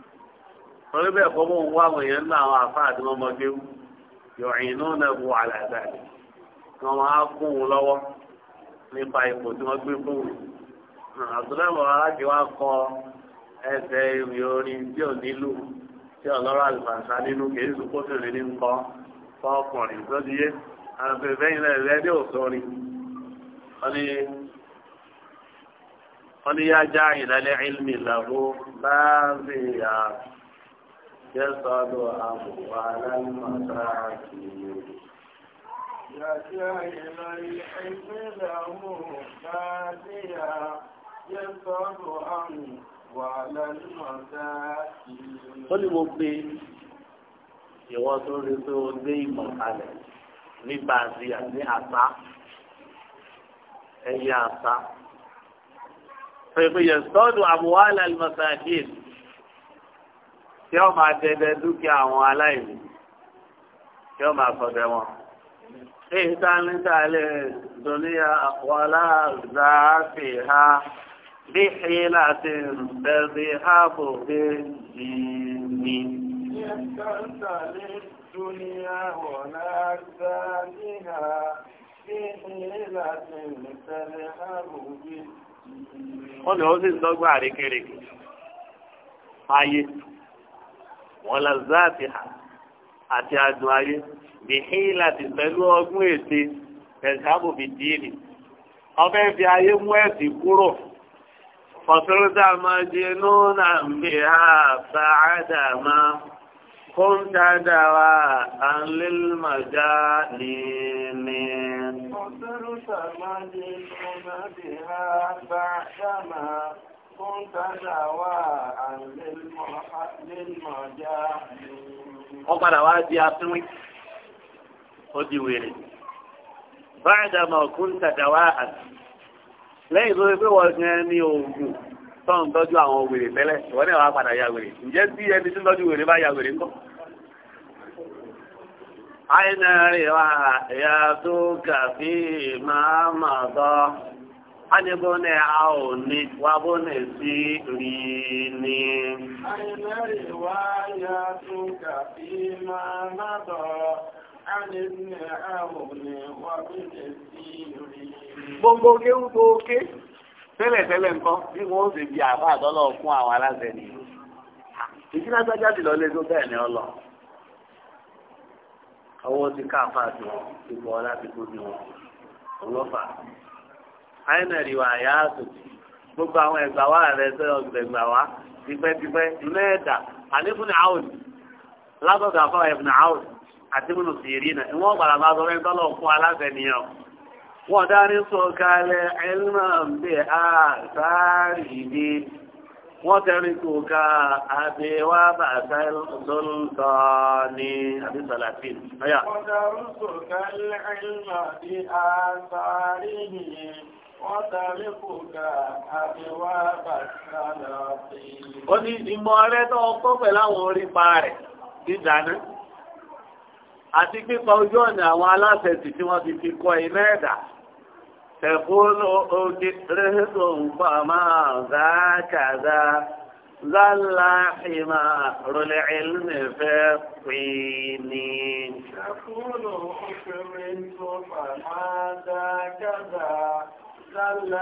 torí bẹ́ẹ̀ kọ́ mọ̀ ń wá àwọn èèyàn náà àwọn àfáà tí wọ́n mọ géwú yọ̀ọ̀yìn náà náà bu àlàdà ni wọ́n máa kún un lọ́wọ́ nípa ipò tí wọ́n gbé fún un àtúndáwọ̀ aláàjì wa kọ ẹsẹ̀ ìwé orin tí ò nílò tí ọlọ́rọ̀ àlùfàṣà nínú kì í sùpọ́sìrì ní nǹkan fọ́ọ̀kùnrin tó ti yé àfẹ́fẹ́yìn náà rẹ̀ ní òsórin wọ́n ní yá já ìlàlẹ́ ìlmì làbó bá àti. يسأل أموال المساكين يسعى إلى الحفظ له فاتيا يسأل أموال المساكين قل مبين ìwọ́n tó rí pé o gbé ìmọ̀ kalẹ̀ ní bàzí àti àṣà ẹ̀yà àṣà pẹ̀lú yẹn sọ́dọ̀ àmúhálà ìmọ̀sáàkì èsì tí ó máa dẹdẹ dúkìá àwọn aláìní tí ó máa sọdẹ wọn. èyí tá ní sàlẹ̀ dùnìyà wàlá zàáfì ha bí ìlà ti bẹ̀rẹ̀ ààbò bí jìnnì. الدنيا ولا أجزائها في حيلة تذهب بالجنين. قل هو في الزوج بعد كده wọn la zaati ha àti adùn ayé bìhílà ti pẹ̀lú ọgbọ́n ète ẹ̀sáàbò fi dìínì ọbẹ̀ fi ayé mú ẹ̀sìn kúrò fọ̀sọ́rọ́dà máa jẹ núnà mbí ha bàádà máa kún dáadáa àlélmàjá nìní. fọ̀sọ́rọ́dà máa jẹ núnà mbí ha bàádà máa. wọ́n padà wá di apínwín ó di wèrè báyìí ma kún tàdáwà àti lẹ́yìn tó pé wọ́n gan ní oògùn tó ń tọ́jú àwọn wèrè tẹ́lẹ̀ wọ́n ní wàá padà ya wèrè ǹjẹ́ bí ẹni tí ń wèrè bá ya wèrè ńkọ́ àìnà anibone ao ni wabone si rini gbogbo kéwù tó ké tẹ́lẹ̀tẹ́lẹ̀ nǹkan bí wọ́n ṣe bí àbá àdọ́lọ̀ fún àwọn aláṣẹ ni ìdílé agbájáde lọ lẹ́gbẹ́ bẹ́ẹ̀ ni ọ lọ ọwọ́ ti ká àfáà tí wọ́n ti bọ́ láti kó ní wọn ọlọ́fà àyìnà ìwà àyà àtò gbogbo àwọn ẹgbà wa rẹ sẹ ọgbẹgbà wa tipẹ́tipẹ́ iná ẹdà àlékún àwọn látọ̀dọ̀ àfọwọ ẹbùn àwọn àti múnú fìrí náà ìwọ̀n gbàrà máa sọ fẹ́ẹ́ tọ́lọ̀ fún aláṣẹ nìyàn dání sọ kalẹ̀ ẹ̀lmà bẹ́ àtàrí ní wọ́n tẹ́rí kò ká àbẹ̀wà bàtà lọ́lọ́tọ́ ní àbísàlàfín ọ̀yà. wọ́n dání sọ kalẹ̀ ẹ̀lmà bẹ́ àtàrí ní ó ní ìmọ̀ rẹ tó ọkọ́ pẹ̀lú àwọn orí pa rẹ̀ dídáná àti pípa ojú ọ̀nà àwọn aláṣẹ tì tí wọ́n ti fi kọ iná ẹ̀dá tẹ̀kún oge rẹ́sọ̀ nǹpa máa záàkàzá zálà ìmọ̀ rọlẹ̀ ìlúmi fẹ́ pè ní. tẹ̀kún oge rẹ́sọ̀ nǹpa máa záàkàzá àwọn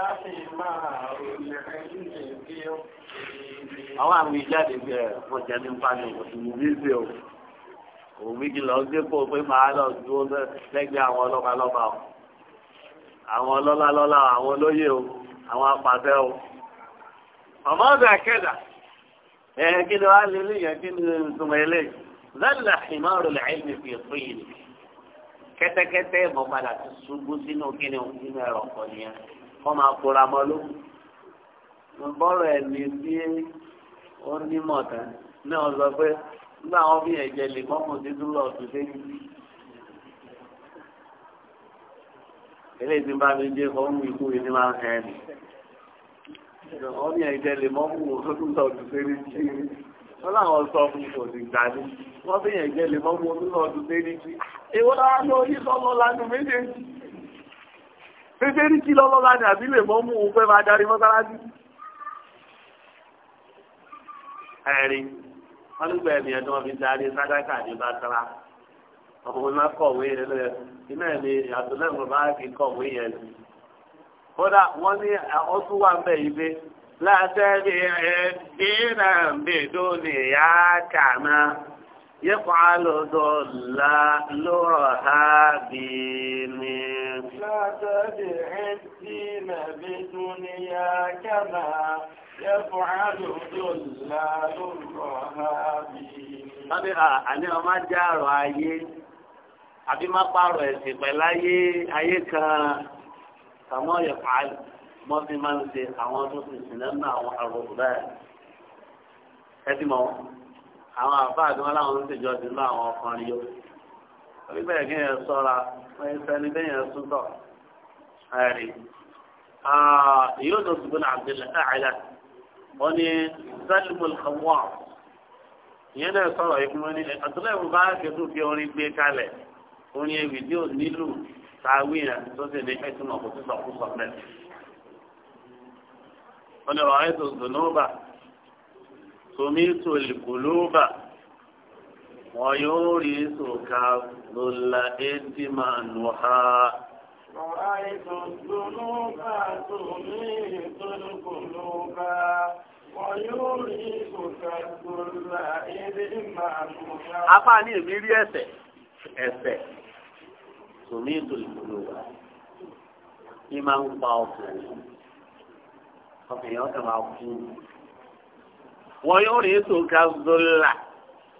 àmì ìjáde bí ẹ wọ́n jẹ́ nípa ní òṣùwọ̀n bíbí o òun méjì lọ gbé pò pé màá lọ dúró lẹ́gbẹ̀ẹ́ àwọn ọlọ́pàá lọ́pàá o àwọn ọlọ́lá lọ́lá àwọn olóyè o àwọn apàtẹ o ọmọ ọ̀dà kẹ́dà ẹ̀ kí ni wàá lè léyìn kí ni ìtumọ̀ eléyìí lẹ́lẹ̀ ìmọ̀ràn lè ẹ̀ ní fi pín in kẹ́tẹ́kẹ́tẹ́ mọ̀ padà tó ṣubú sínú kí ni òun kọ́ máa kóra mọ́ ló mo bọ́rọ̀ ẹni tí ó nímọ̀ tán náà sọ pé nígbà wọn fi ẹ̀jẹ̀ lè mọ́mọ́ sí dúró ọ̀tún séyí. eléyìí tí bá mi jẹ́ kọ́ mú ikú yìí ní máa ń hẹ́ ni wọ́n ní ẹ̀jẹ̀ lè mọ́mú ọdún ọdún séyí wọ́n láwọn sọ fún kò sì gbà ní wọ́n fi ẹ̀jẹ̀ lè mọ́mú ọdún ọdún séyí. èwo lára ló yí sọ́mọ́ lánàá méjèèjì. Bébérí kí lọ́lọ́lá ni àbí lè mọ́ mú un fẹ́ máa darí mọ́sálásí. Ẹ̀rin, wọ́n nígbà ẹ̀mí ẹ̀dùn ọ̀fi darí sádákà ní Bàtàrà. Ọkùnrin máa kọ̀wé rẹ̀ lọ́yẹ̀. Iná kọ̀wé yẹn Kódà wọ́n ní wà ń bẹ̀ yìí pé يفعل ذلا لرها بيني لا تدع الدين بدنياك ما يفعل ذلا لرها بيني Tọ́bí àní ọmọ jẹ́ àrọ̀ ayé, àbí má pààrọ̀ ẹ̀sìn pẹ̀lú ayé ayé kan kàmọ́ yẹ̀fà mọ́ fi máa ń ṣe àwọn tó ti sìn lẹ́nu àwọn àròkù bẹ́ẹ̀. Ẹ ti mọ̀ wọ́n àwọn àfáà tí wọ́n láwọn ń tìjọ sí lọ àwọn ọkùnrin yó orí bẹ́ẹ̀ kí yẹn sọ́ra wọ́n yẹn sẹ́ni bẹ́ẹ̀ yẹn súntọ̀ ẹ̀rí yóò tó sùgbọ́n àbdìlẹ̀ àìlẹ̀ wọ́n ní sálímùl kọ̀wọ́ ìyẹn náà sọ̀rọ̀ yìí fún wọn ní àtúlẹ̀ ìwọ̀n bá kẹ́tù fi orin gbé kalẹ̀ orin ewì tí ò nílù táwí yẹn tó sì ní ẹ̀sùn ọ̀pọ̀ sísọ̀kúsọ̀ bẹ́ẹ̀. wọ́n سميت القلوب ويورثك ظل إدمانها رأيت الذنوب تميت القلوب ويورثك ظل إدمانها أفاني ميري ẹsẹ̀ ẹsẹ̀ سميت القلوب إمام باوكو ọkùnrin ọkùnrin ọkùnrin wọ́n yóò ịtụ ètò gazola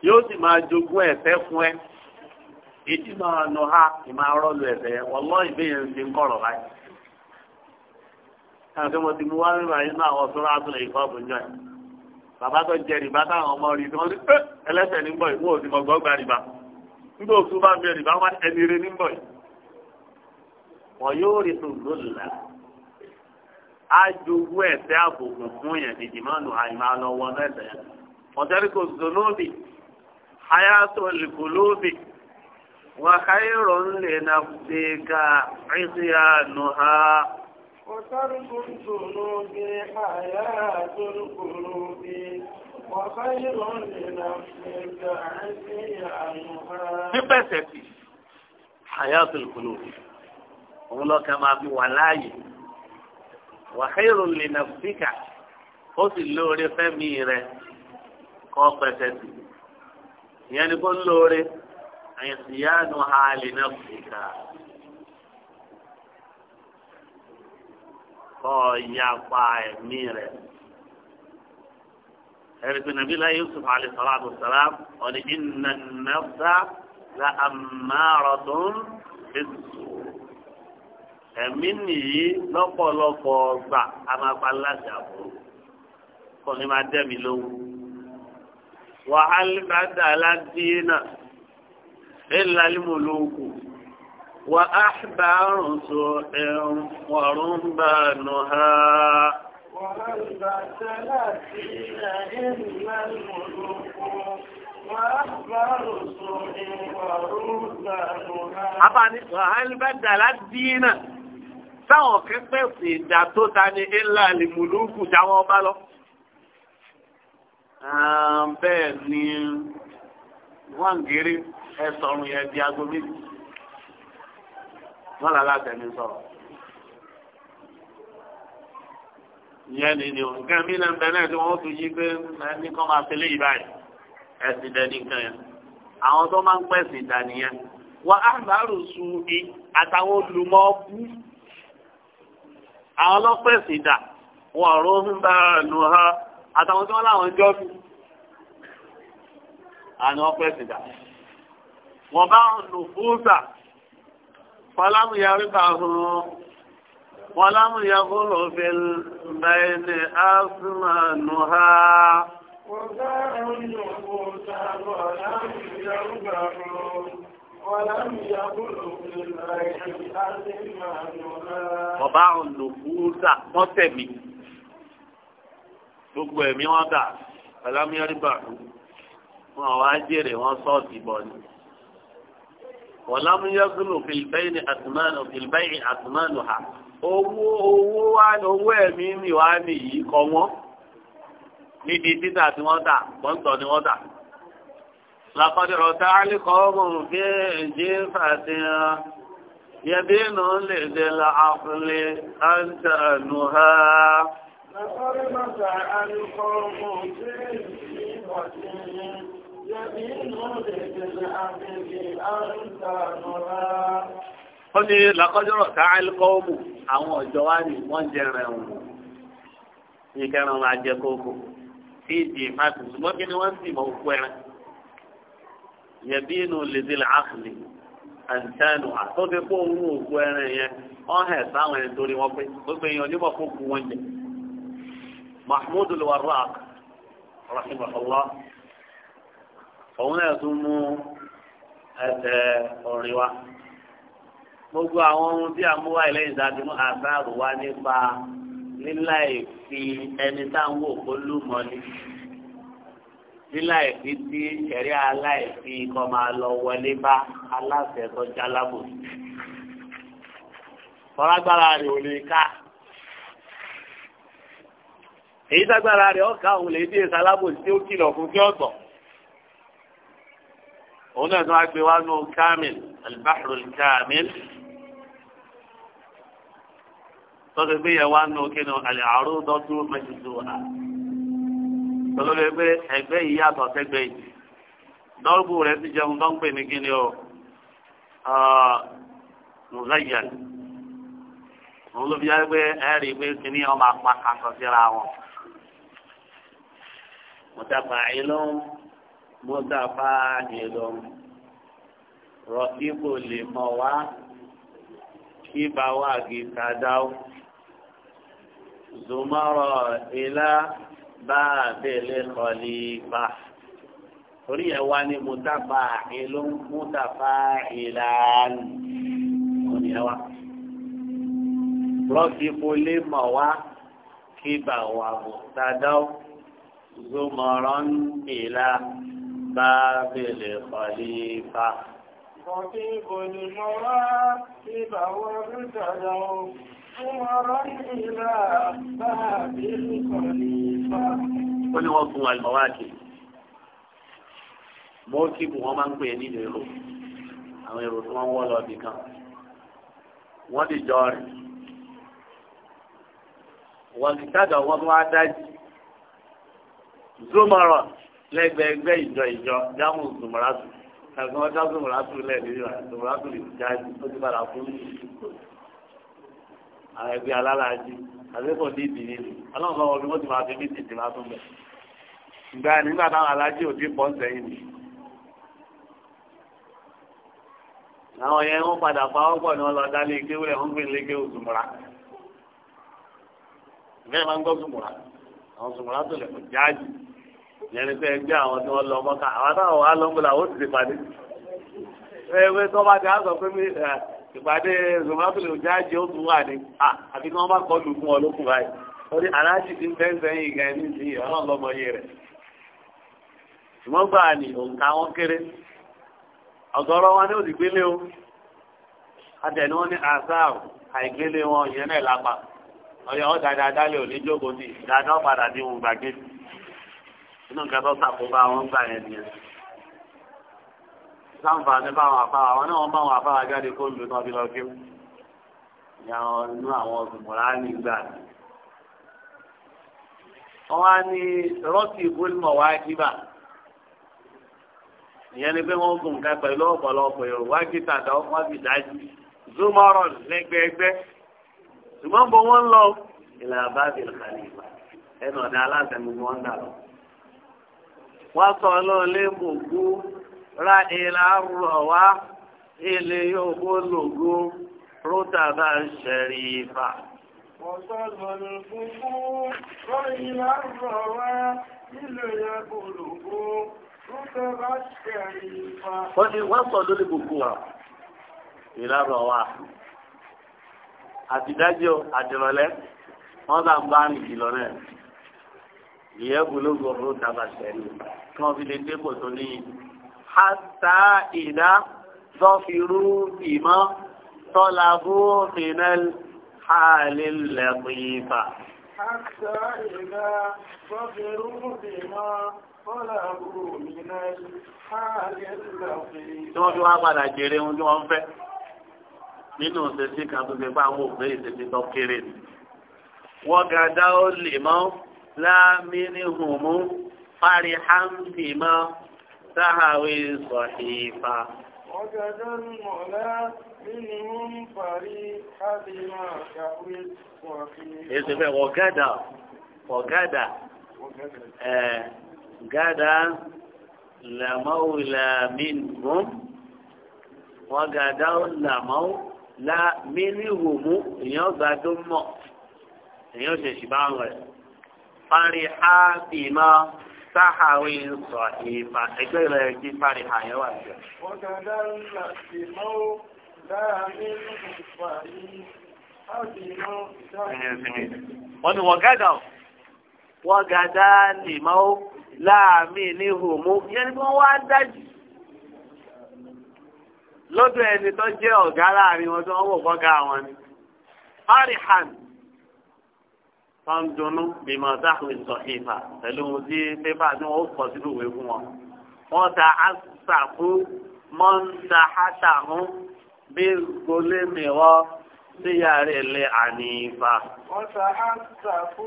yóò sì máa jogún ẹ̀fẹ́ fún ẹ èyí máa nù ha ìmọ̀ arọ́lù ẹ̀fẹ́ wọ́n lọ́ ìbéèrè ti ń kọ̀rọ̀ báyìí. mo ti mú wá nígbà yìí náà bàbá tó jẹ rìbá táwọn ọmọ rí wọn ní ẹlẹ́sẹ̀ ní bọ̀ gba rìbá nígbà bá mi rìbá ẹni ajogún ẹ̀sẹ̀ àbògùn fún yẹn dìdì máa lò àyìnbá lọ́wọ́ mẹ́sẹ̀ yẹn. ọ̀tẹ́ríkò zonóbì hayato lìkúlóbì wà káyọ̀rọ̀ ń lè na ṣe ká ẹ̀sẹ̀ àánú ha. ọ̀tẹ́ríkò zonóbì hayato lìkúlóbì wà káyọ̀rọ̀ ń lè na ṣe ká àánú ha. pípẹ́sẹ̀ sí hayato lìkúlóbì òun lọ́kàn máa fi wà láàyè. wàhírù lè nà fíkà ó sì lóore fẹ́mi rẹ kọ́ pẹ̀sẹ̀ sí ìyẹn ni kó lóore àyẹ̀sìyánu ha lè nà fíkà. kọ́ọ̀yàpá ẹ̀mí rẹ̀. Ẹ̀rìkì nàbí láyé Yusuf alayhisalaatu salaam ọ̀dì ìnànàfà la àmàrọ̀dún fèsù. ẹ̀mí nìyí lọ́pọ̀lọpọ̀ gbà a máa pa láti àbúrò kò ní máa dẹ́mi lówó. wàhálì bàtà aládìínà ẹ̀là límọ̀lókù wà á bá àrùn sọ ẹ̀rùn wọ̀rùn bá nù ha. wàhálì bá àrùn sọ ẹ̀rùn táwọn kan pẹ̀sì ìjà tó ta ni ńlá lèmùlùkù táwọn ọba lọ. bẹ́ẹ̀ ni wọ́n ń gèrè ẹ̀sọ̀rùn yẹn di aago méjì wọ́n là látẹ̀mí sọ̀rọ̀. ìyẹn ni ni òǹkà mí lẹ́nu bẹ́ẹ̀ náà tí wọ́n tún yí pé ẹni kan máa fi léyìí báyìí ẹ̀sìn dẹ́ni kan yẹn àwọn tó máa ń pẹ̀sì ìjà nìyẹn wọ́n á bá rò sùn àtàwọn olùmọ̀ àwọn ọlọ́pẹ̀sì dà wọn ọ̀rọ̀ ha àtàwọn tí wọ́n láwọn jọ́ àwọn ọlọ́pẹ̀sì wọ́n bá nù fúùsà fọlámùyárí bá hùn wọ́n lámùyárí lọ́fẹ́ bẹ́ẹ̀ ha. Wọ́n Ọba ọ̀nà òkúta wọ́n tẹ̀mí. Gbogbo ẹ̀mí wọn dà, Alámíyárí bàdú. Wọn àwọn ajẹ́rẹ̀ wọn sọ́ọ̀tì bọ̀ ni. Wọ̀lámúyágúnù fìlbẹ́yìn àtìmánù fìlbẹ́yìn àtìmánù ha. Owó owó wá ní owó ẹ̀mí ni wá nìyí kọ wọ́n. Níbi títà tí wọ́n tà, pọ́ńtọ̀ ni wọ́n tà. لقد رتع لقوم في جفة يبين لذي العقل أن تأنها لقد رتع لقوم في جفة يبين لذي العقل أن تأنها ó ní lọ́kọ́jọ́rọ̀ káàlì kọ́ọ̀mù àwọn ọ̀jọ́ wa ni wọ́n jẹ rẹ̀hùn ní jẹ kókò tí ìdí ìfàtì ṣùgbọ́n kí ni wọ́n sì mọ òkú ẹran yẹ̀bínú lèzìlì áhùlì àǹtẹ́nu àtọ́jú pé òun òkú ẹran yẹn wọ́n hẹ̀ sáwọn ẹni torí wọn pé ó pé yan onímọ̀ fún òkú wọn jẹ. mahmud al-warraq òun náà mú ẹsẹ̀ orin wa gbogbo àwọn ohun tí a mú wá ilé ìdájọ́ mú nípa ẹni tá à ń wò kó lù níláìfi tí ẹ̀rí aláìfi kọ́ máa lọ wọlé bá aláṣẹ tó jálábò. Fọlágbára rẹ̀ ò lè ká. Èyí tágbára rẹ̀ ọ̀ka òun lè dé sálábò tí ó kìlọ̀ fún kí ọ̀tọ̀. Òun náà tó wá gbé wá nù Kamil, al Kamil. Tọ́jú gbé yẹn wá nù kínú Al-Arudatu Majduha tọ́lọ́lọ́ ẹgbẹ́ ẹgbẹ́ yìí yàtọ̀ sẹ́gbẹ́ yìí dọ́rùbù rẹ̀ ti jẹun tó ń pè ní kíni o mùsáyàn òun ló fi yá pé ẹ rí i pé kíní ọmọ apá kan sọ síra wọn mọ̀tàfà ìlọ́n mọ̀tàfà ìlọ́n rọ̀kíbò lè mọ̀ wá kí wà kí kàdáwó zùmọ́rọ̀ ìlà báàbẹ̀lẹ̀ kọlífà orí ẹ̀ wá ní mùtàfà ìlú mùtàfà ìlànà òní ẹ̀ wá. rọ́ọ̀kì polé mọ̀ wá kí bà wà mùtàdáwò zumọ̀rán ìlà báàbẹ̀lẹ̀ kọlífà. rọ́ọ̀kì polé mọ̀ wá kí ó ní wọ́n fún àlùmọ́wáàkì mọ́ọ́kìbù wọ́n máa ń pè é nínú èrò àwọn èrò tí wọ́n wọ́ lọ bì kan wọ́n ti jọ rìn wọ́n ti tàgà wọ́n tún wá dájú zomara lẹ́gbẹ̀ẹ́gbẹ́ ìjọ ìjọ jámù zomara tù ẹ̀gbọ́n jámù zomara tù lẹ́ẹ̀dẹ́gbẹ́ zomara tù lè jáde ó ti padà fún mi àwọn ẹgbẹ́ alálàájì àlékò ní ìdílé ni ọlọ́run bá wọn bí wọ́n ti máa fi mí tètè máa tún bẹ̀. ìgbà nígbà táwọn aláàjì ò dín pọ́ǹsẹ̀ ni. àwọn yẹn wọ́n padà pa ọ́pọ̀ ni wọ́n lọ dá léèké wúlẹ̀ wọ́n gbé léèké òsùnmùrà. bẹ́ẹ̀ máa ń gbọ́ sùnmùrà àwọn sùnmùrà tó lè kó jáàjì yẹn ni pé ẹgbẹ́ àwọn tí wọ́n lọ mọ́ká àwọn táwọn wà ìpàdé zomato lè jáde ó tún wà ní àti kí wọ́n bá kọ́ lù fún ọ lókun báyìí orí aláàjì ti ń fẹ́ sẹ́yìn gan ní ti ọlọ́run lọ́mọ yé rẹ̀ ṣùgbọ́n gbà ní òǹkà wọn kéré ọ̀gọ́rọ̀ wọn ní òsì gbélé o adẹ̀ni wọn ní asáàrù àìgbélé wọn ìyẹn náà lápá ọyọ ọ dáadáa dálé òní jókòó sí dáadáa padà ní òun gbàgbé inú nǹkan tó sàkóbá wọn gbà yẹn nìyẹn láǹfààní báwọn àfáwà àwọn náà wọ́n báwọn àfáwà jáde kó lù náà bí lọ kí ní àwọn inú àwọn ọ̀sùnmọ̀lá nígbà wọ́n á ní rọ́ọ̀tì ìbólúmọ̀ wá kíbà ìyẹn ni pé wọ́n gùn ká pẹ̀lú ọ̀pọ̀lọpọ̀ èrò wá kí tàdá wọ́n sì dájú zúmọ́rọ̀ lẹ́gbẹ̀ẹ́gbẹ́ ṣùgbọ́n bó wọ́n lọ ìlànà bá bìlì ra ìlà rọ̀ wá ilé yóò kó lògó rótà bá ń ṣẹ̀rí ìfà. Ọ̀sọ́lọ̀ ní gbogbo rọ̀ ìlà rọ̀ wá ilé yóò kó lògó rótà bá ń ṣẹ̀rí ìfà. Wọ́n ti wọ́n sọ lórí gbogbo wa, ìlà rọ̀ wá. Àtidájọ́ àdìrọ̀lẹ́, bá ń bá rìn jùlọ náà ìyẹ́bù ló gbọ́ rótà Kí wọ́n fi lè dépò tó níyì hátà ìdá zọ́firú ìmọ́ tọ́labú mìíràn hàlìlẹ̀mìífà. hátà ìdá zọ́firú ìmọ́ tọ́labú mìíràn hàlìlẹ̀mìífà. tí wọ́n fi wá padà jèrè ohun tí wọ́n fẹ́ nínú ìṣesí kan tó ti pa àwọn òfin ìṣesí tó kéré ni. wọ́n ga dá ó lè mọ́ láàmì ní hùmú fárí háǹdì mọ́. سهوي صحيفة وجد المولى منهم فريحة بما تهوي الصحيفة وجد وجد جد لمولى منهم وجد لمولى منهم يجد مؤ èyàn ṣe ṣì bá ń rẹ̀ fárí á bì máa sáhàwé sọ ìfà ẹgbẹ́ rẹ̀ kí parí àyẹ̀ wà jẹ́. wọ́n kàdá wọ́n ni wọ́n wọ́n gádà lè láàmì ní hòmó yẹn ni wọ́n wá dájì lọ́dọ̀ ẹni tó jẹ́ ọ̀gá láàrin wọn tó wọ́n wò kọ́gá wọn ni. Farihan wọ́n ń dunnú bímọ sáàmì sọ̀hìnfà pẹ̀lú tí pépà tí wọ́n kọ sínú ìwé fún wọn. wọ́n ta àṣàkú mọ́ńtà àṣàhún bí gbolémi wọ́n sí yàrá ilé ànífà. wọ́n ta àṣàkú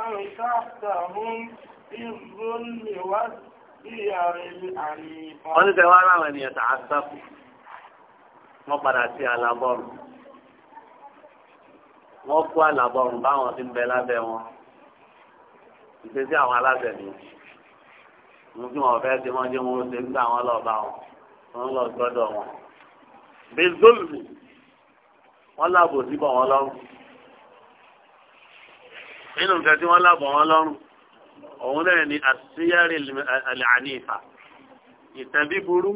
mọ́ńtà bí gbolémi sí yàrá ilé ànífà. wọ́n ti tẹ̀wá láwọn ènìyàn tà àṣàkú wọ́n padà sí alábọ́ọ̀lù wọ́n kó àlàbọ̀rùn báwọn ti ń bẹ lábẹ́ wọn ìṣesí àwọn alábẹ̀ ni mo fi wọn fẹ́ ṣe wọ́n jẹ́ wọn ó ṣe ń gbà wọ́n lọ bá wọn wọ́n lọ gbọ́dọ̀ wọn. bezolmi wọ́n láàbò síbọ̀ wọn lọ́rùn nínú nǹkan tí wọ́n láàbò wọn lọ́rùn òun náà ni àṣeyárí àlẹ́ àníìfà ìtàn bíburú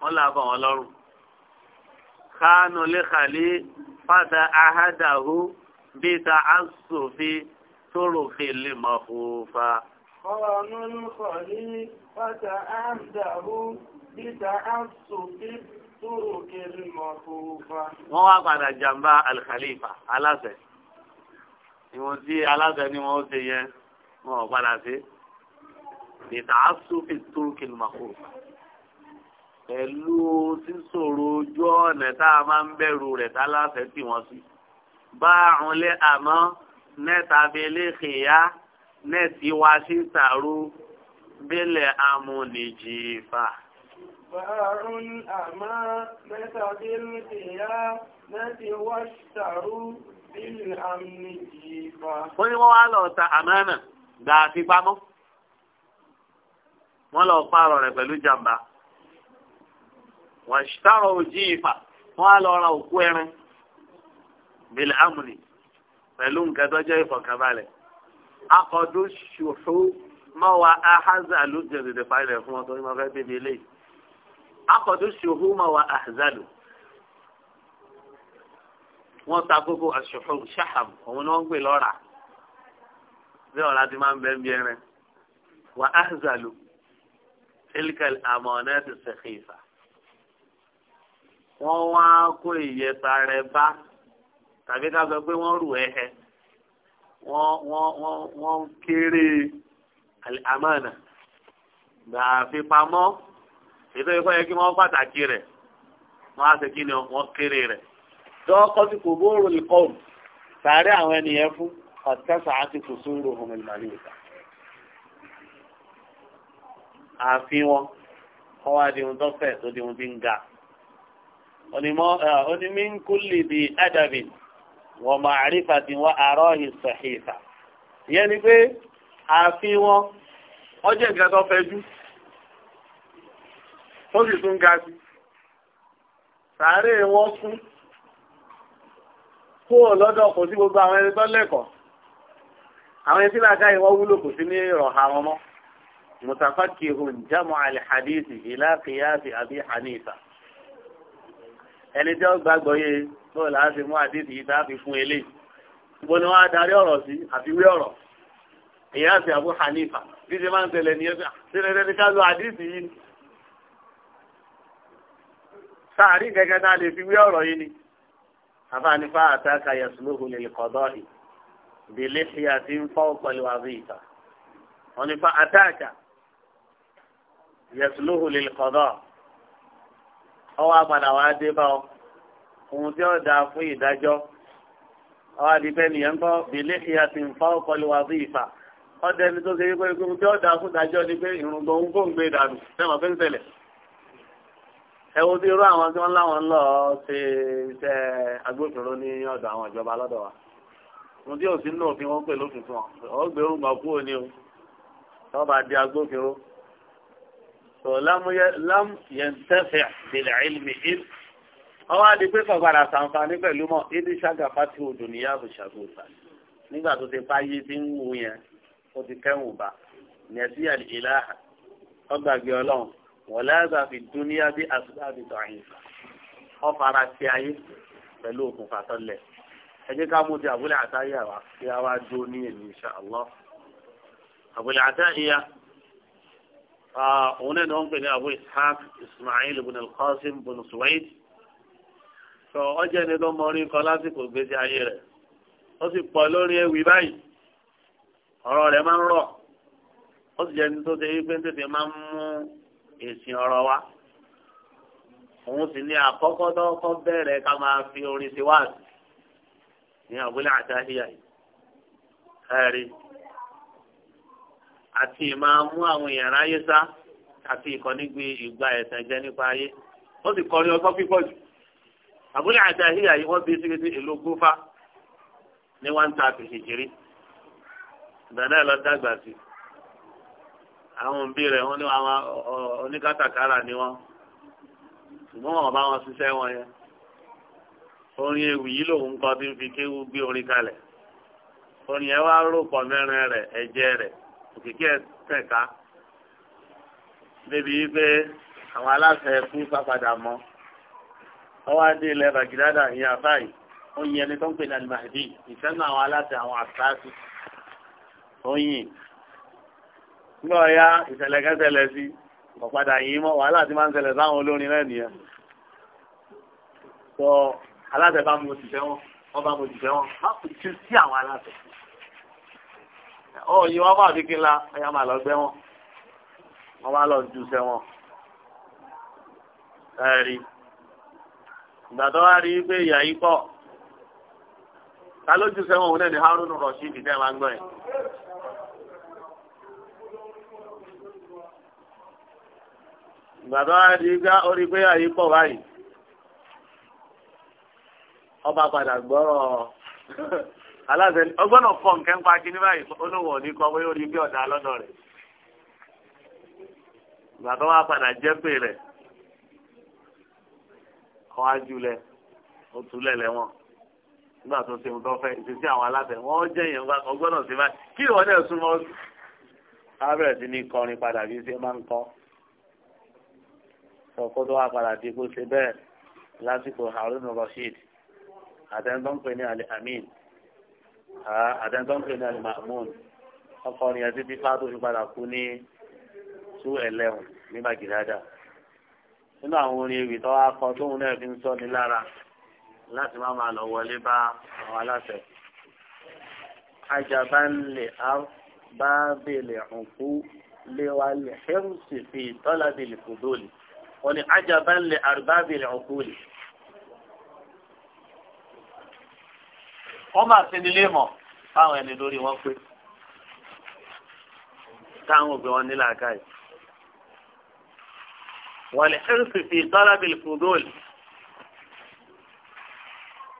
wọ́n láàbò wọn lọ́rùn kánú lẹ́kàlẹ́ fàdà àhádàhù bíta àsòfin tóròfin lè mọ̀ fòfà. kánú lẹ́kàlẹ́ fàdà àhádàhù bíta àsòfin tóròfin lè mọ̀ fòfà. wọ́n wá padà jàǹbá alikalifa aláṣẹ ìwọ̀n tí aláṣẹ ni wọ́n ṣe yẹn wọ́n padà sí bíta àsòfin tóròfin lè mọ̀ fòfà pẹ̀lú sísòro ojú ọ̀nà tá a máa ń bẹ̀rù rẹ̀ tá láfẹ́ tì wọ́n sí. bá àrùn lé àmọ́ nẹ́ta bẹ́lẹ́ kìíyá nẹ́ẹ̀tì wá sí tàrú bẹ́lẹ̀ amúnìjì fà. bá àrùn àmọ́ nẹ́ta bẹ́lẹ́ kìíyá nẹ́ẹ̀tì wá sí tàrú bẹ́lẹ̀ amúnìjì fà. wọ́n ní wọ́n wá lọ ta àmánà gbà fi pamọ́ wọ́n lọ pààrọ̀ rẹ̀ pẹ̀lú jàmbá wọ́n ṣàrọ̀ òjì ìfà wọ́n á lọ ra òkú ẹran bílẹ̀ amúni pẹ̀lú nǹkan tó jẹ́ ìfọ̀kànbalẹ̀ akọ̀dù ṣòfò mọ́ wa ahaza ló jẹ́ dèdè falẹ̀ fún ọtọ́ ìmọ̀ fẹ́ bèbè lé akọ̀dù ṣòfò mọ́ wa wọ́n ta gbogbo aṣòfò ṣáhàm òun ni wọ́n ń lọ́ra bí ọ̀la ti máa ń bẹ́ ń bí ẹran wa ahaza ló tilkal amọ̀nẹ́tì sẹ̀kìfà. wọ́n wá kó ìyẹ̀pà rẹ̀ bá tàbí ká sọ pé wọ́n rù ẹ̀hẹ́ wọ́n wọ́n kéré àmàna gbà pamọ́ ètò ìkọ́ yẹ kí wọ́n pàtàkì rẹ̀ wọ́n á ṣe kí ni wọ́n kéré rẹ̀ sí kò bóòrò sàárẹ̀ oní eh, min kulli di adabin wa ma'rifatin wa arahi sahifa ìyẹn ni pé ààfin wọn ọjọ́ nǹkan tó fẹjú tó sì tún ga sí sàárè wọn kú kó lọ́dọ̀ kò sí gbogbo àwọn ẹni tó lẹ́kọ̀ọ́ àwọn ẹni tí làákà yìí wọ́n wúlò kò sí ní ìrọ̀ha wọn mọ́ mutafakihun jamu alhadisi ila qiyasi abi hanifa ẹni tí ó gbàgbọ́ yé bóyá láti mú àdéhùn yìí tá a fi fún eléyìí gbogbo ni wọ́n á darí ọ̀rọ̀ sí àfi wí ọ̀rọ̀ èyí àti Abu Hanifa bí ṣe máa ń tẹ̀lé ní ẹgbẹ́ àtẹnudẹ́ ní ká lo àdéhùn yìí sáàrí gẹ́gẹ́ náà lè fi wí ọ̀rọ̀ yìí ni afáànífà àtàkà yasuluhu lè kọ́dọ̀ yìí bèlè fi àti ń fọ́ pẹ̀lú àbí ìta wọn nípa àtàkà yasuluhu lè kọ́dọ̀ ọwọ́ apàdà wàá dé bá ọ ohun tí ó dáa fún ìdájọ́ ọwọ́ adìpẹ́ nìyẹn ń kọ́ bìlẹ̀ ìyá ti ń fa ọkọ̀ lè wá sí ìfà ọdẹ ni tó ṣe wípé ohun tí ó dáa fún ìdájọ́ ni pé ìrùngbọ̀n ń gbòǹgbè dànù sẹ́wọ̀n fẹ́ ń ṣẹlẹ̀ ẹ wo bí irú àwọn tí wọ́n láwọn lọ ṣe iṣẹ́ agbófinró ní ọ̀dọ̀ àwọn ìjọba lọ́dọ̀ wa ohun tí òsín náà fi wọ́n pè lófin fún ọ ọ gbẹrùngbọ̀n tó lam yẹntẹ́fẹ̀ bìlẹ̀ ilmi il ọwọ́ adi pé kọ̀gbàrà sàǹfààní pẹ̀lú mọ́ ilé ṣága fati odò níyà bó ṣàgóta nígbà tó ti pa yé ti ń wù yẹn ó ti kẹ́hùn bá nẹ̀sí àdìlá ọgbàgbé ọlọ́run wọ̀lẹ́ àgbà fi dúníyà bí àtúbàbí tó àyìn fà ọ fara ti ayé pẹ̀lú òkùnfà tọ́lẹ̀ ẹ jẹ́ ká mú ti àbúlé àtàyà wa kí a wá dúró ní èmi insha Allah àbúlé àtàyà. òun náà ni wọ́n ń abu ishaq ismail ibn al-qasim ibn suwaid sọ ọjọ́ ẹni tó mọ orí kan lásìkò gbèsè ayé rẹ̀ ó sì pọ̀ lórí ewì báyìí ọ̀rọ̀ rẹ̀ máa ń ma ó sì jẹ́ ẹni wa òun si ní àkọ́kọ́ tọ́kọ́ bẹ̀rẹ̀ fi orin sí wáàsì ní abúlé àti ìmáa mú àwọn èèyàn ráyé sá àti ìkọ́nigbé ìgbà ẹ̀sìn jẹ́ nípa ayé wọ́n sì kọrin ọgbọ́n pípọ̀ jù àbúlé àjàhíyà yìí wọ́n bí síbi ìlú gúfà ní one lọ dàgbà sí àwọn òbí rẹ̀ wọ́n ní àwọn oníkátàkárà ni wọ́n ṣùgbọ́n wọn bá wọn ṣiṣẹ́ wọn yẹn orin ewì yìí lòun kọ́ bí orin kalẹ̀ orin yẹn wá rò pọ̀ mẹ́rin òkìkí ẹ̀ka débi wípé àwọn aláṣẹ fún pápadà mọ́ ọwọ́ adé ilẹ̀ bàgídádà ìyá àfáì ó yin ẹni tó ń pè ní alimahidi ìfẹ́nu àwọn aláṣẹ àwọn àṣáṣí ó yin nígbà ọ̀ya ìṣẹ̀lẹ̀ kẹsẹ̀lẹ̀ sí ọ̀padà yìí mọ́ wàhálà tí máa ń ṣẹlẹ̀ sáwọn olórin náà nìyẹn sọ aláṣẹ bá mu òṣìṣẹ́ wọn wọ́n bá mu òṣìṣẹ́ wọn má kò tí sí àwọn aláṣẹ sí ọ yìí wọ́n máa fi kí n la ẹ̀yà máa lọ gbẹ́ wọn wọ́n máa lọ ju sẹ́wọ̀n ẹ̀rí ìgbà tó wá rí pé ìyá yìí pọ̀ ta ló ju sẹ́wọ̀n òun náà ní Haruna Rashid tẹ́ máa ń gbọ́ yẹn. bàbá àdìgbà orí pé àyè pọ̀ báyìí ọba padà gbọ́rọ̀ aláṣẹ ọgbọ́nà fọ nǹkan pa kí ní báyìí olówó ní kọ́ bóyá orí bí ọ̀dà lọ́dọ̀ rẹ̀ ìgbà tó wá padà jẹ́ pé rẹ̀ kọ́ ajulẹ̀ ó túlẹ̀ lẹ́wọ̀n nígbà tó ṣe nǹkan fẹ́ ìṣesí àwọn aláṣẹ wọ́n jẹ́ èèyàn gba ọgbọ́nà sí báyìí kí ìwọ náà súnmọ́ ábẹ̀rẹ̀ sí ní kọrin padà bí ṣe máa ń kọ́ sọ kó tó wá padà di kó ṣe bẹ́ẹ̀ lásìkò Harun Rashid àtẹnudọ́ńpẹ ní alẹ́ Amin àtẹnudọ́npé náà ni mahmoud ọkọrin yẹn títí fáwọn tó fi padà kú ní tú ẹlẹ́wọ̀n ní magidada nínú àwọn orin ewì tó wá kọ tóun náà fi ń sọ ní lára láti má máa lọ wọlé bá àwọn aláṣẹ. ajaba ń lè bá bèlè òkú léwa lè hẹ́rù sì fi tọ́lá bèlè kò dóòlì wọ́n ní ajaba ń lè àrùbá bèlè òkú lè. wọ́n máa ṣe nílé mọ̀ fáwọn ẹni lórí wọn pé táwọn òbí wọn ní làákàyè. wọ̀lẹ̀ ẹ̀rùsì fi tọ́lábìl fùdóòlì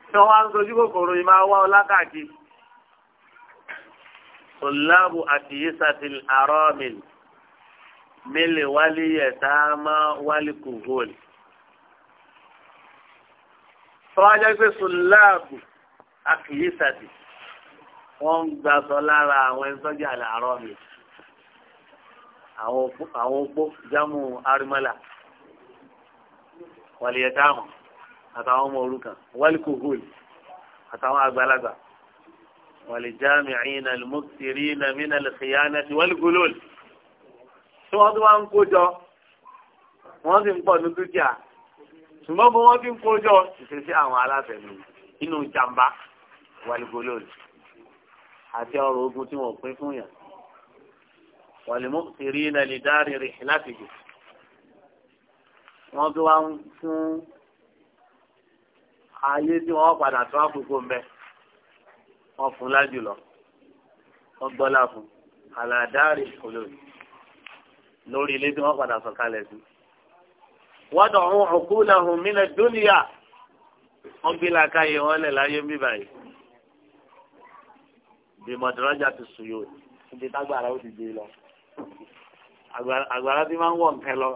tí wọ́n wá ń sojú kòkòrò yìí máa wá ọlá káàkiri. Tòlábù àti Yísàtì Àrọ́mìlì mele wali yatama wali kuhol. Tọ́wájá pé sùláàbù akìyèsàtì wọ́n ń gbàsọ lára àwọn ẹni sọ́jà làárọ̀ mi àwọn opó jámù arimọ́là wàlìyẹ̀tàmù àtàwọn ọmọ òrukàn wàlìkòhol àtàwọn àgbàlagbà wàlìjáàmì àyìnà lùmọ́kìtìrì nàmínà lùkìyànà ti wàlìgolol tí wọ́n tún wá ń kójọ wọ́n sì ń pọ̀ ní dúkìá ṣùgbọ́n bí wọ́n ti ń kójọ ìṣesí àwọn aláfẹ̀mí inú jàmbá wàlúgolóòlù àti ọrọ̀ ogun tí wọ́n pín fún yàn wàlúmọ́ tìrí iná lè dárí rè láti jù wọ́n tó wá ń fún ayé tí wọ́n padà tó àkókò mbẹ́ wọ́n fún lájùlọ wọ́n gbọ́lá fún àlàdáàrí olóòlù lórí ilé tí wọ́n padà sọ̀kalẹ̀ sí. wọ́n dọ̀ ọ́n òkú lẹ́hùn mí lẹ́ wọ́n gbé làákàyè wọn lẹ̀ láyé mbí báyìí bìmọ̀dúrọ́jà ti sùn yóò níbi tágbàrá ó ti gbé lọ àgbàrá ti máa ń wọ̀ nǹkan lọ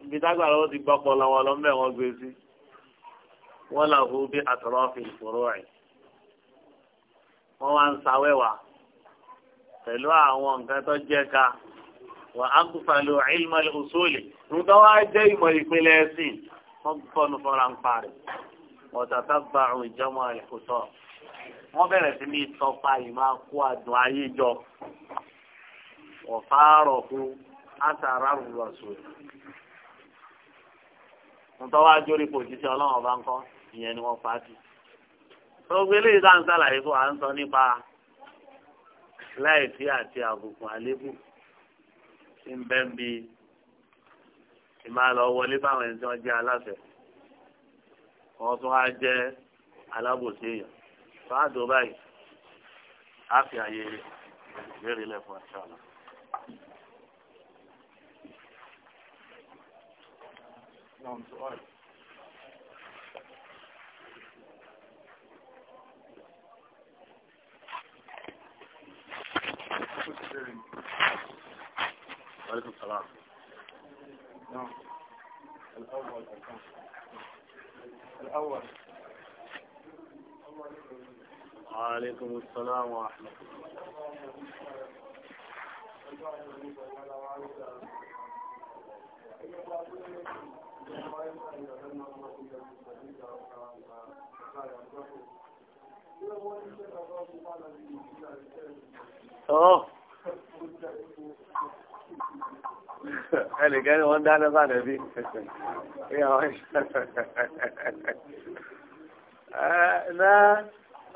níbi tágbàrá ó ti gbọ́pọ̀ lọ́wọ́ lọ mẹ́ wọn gbé sí wọ́n là hó bí àtọ̀rọ̀ fi ìfòró rẹ̀ wọ́n wá ń sawẹ́wà pẹ̀lú àwọn nǹkan tó jẹ́ ka wà á kú falò ilmọ̀lì òṣòlì nígbà wá jẹ́ ìmọ̀ ìpínlẹ̀ ẹ̀sìn wọ́n kọ́nu wọ́n bẹ̀rẹ̀ sí ní tọpa ìmọ̀ akó àdùn ayé jọ ọ̀fáàrọ̀ fún àtàrà rúrọ̀sù ntọ́wá jórí kò jíṣẹ́ ọlọ́run ọba ńkọ́ ìyẹn ni wọ́n pàtì. gbogbo eléyìí tá à ń sàlàyé fún wa ń sọ nípa láìsí àti àbùkù àlébù ń bẹ́ ń bi ìmáa lọ wọlé báwọn ẹni tí wọ́n jẹ́ aláṣẹ wọ́n tún wá jẹ́ alábòsí èèyàn fàádó báyìí á fi àyè ìbéèrè lẹ́fọ̀ọ́ ṣáàlà. نعم سؤال وعليكم السلام نعم الأول الأول وعليكم السلام ورحمة الله قال قال وانا انا بعد دي يا لا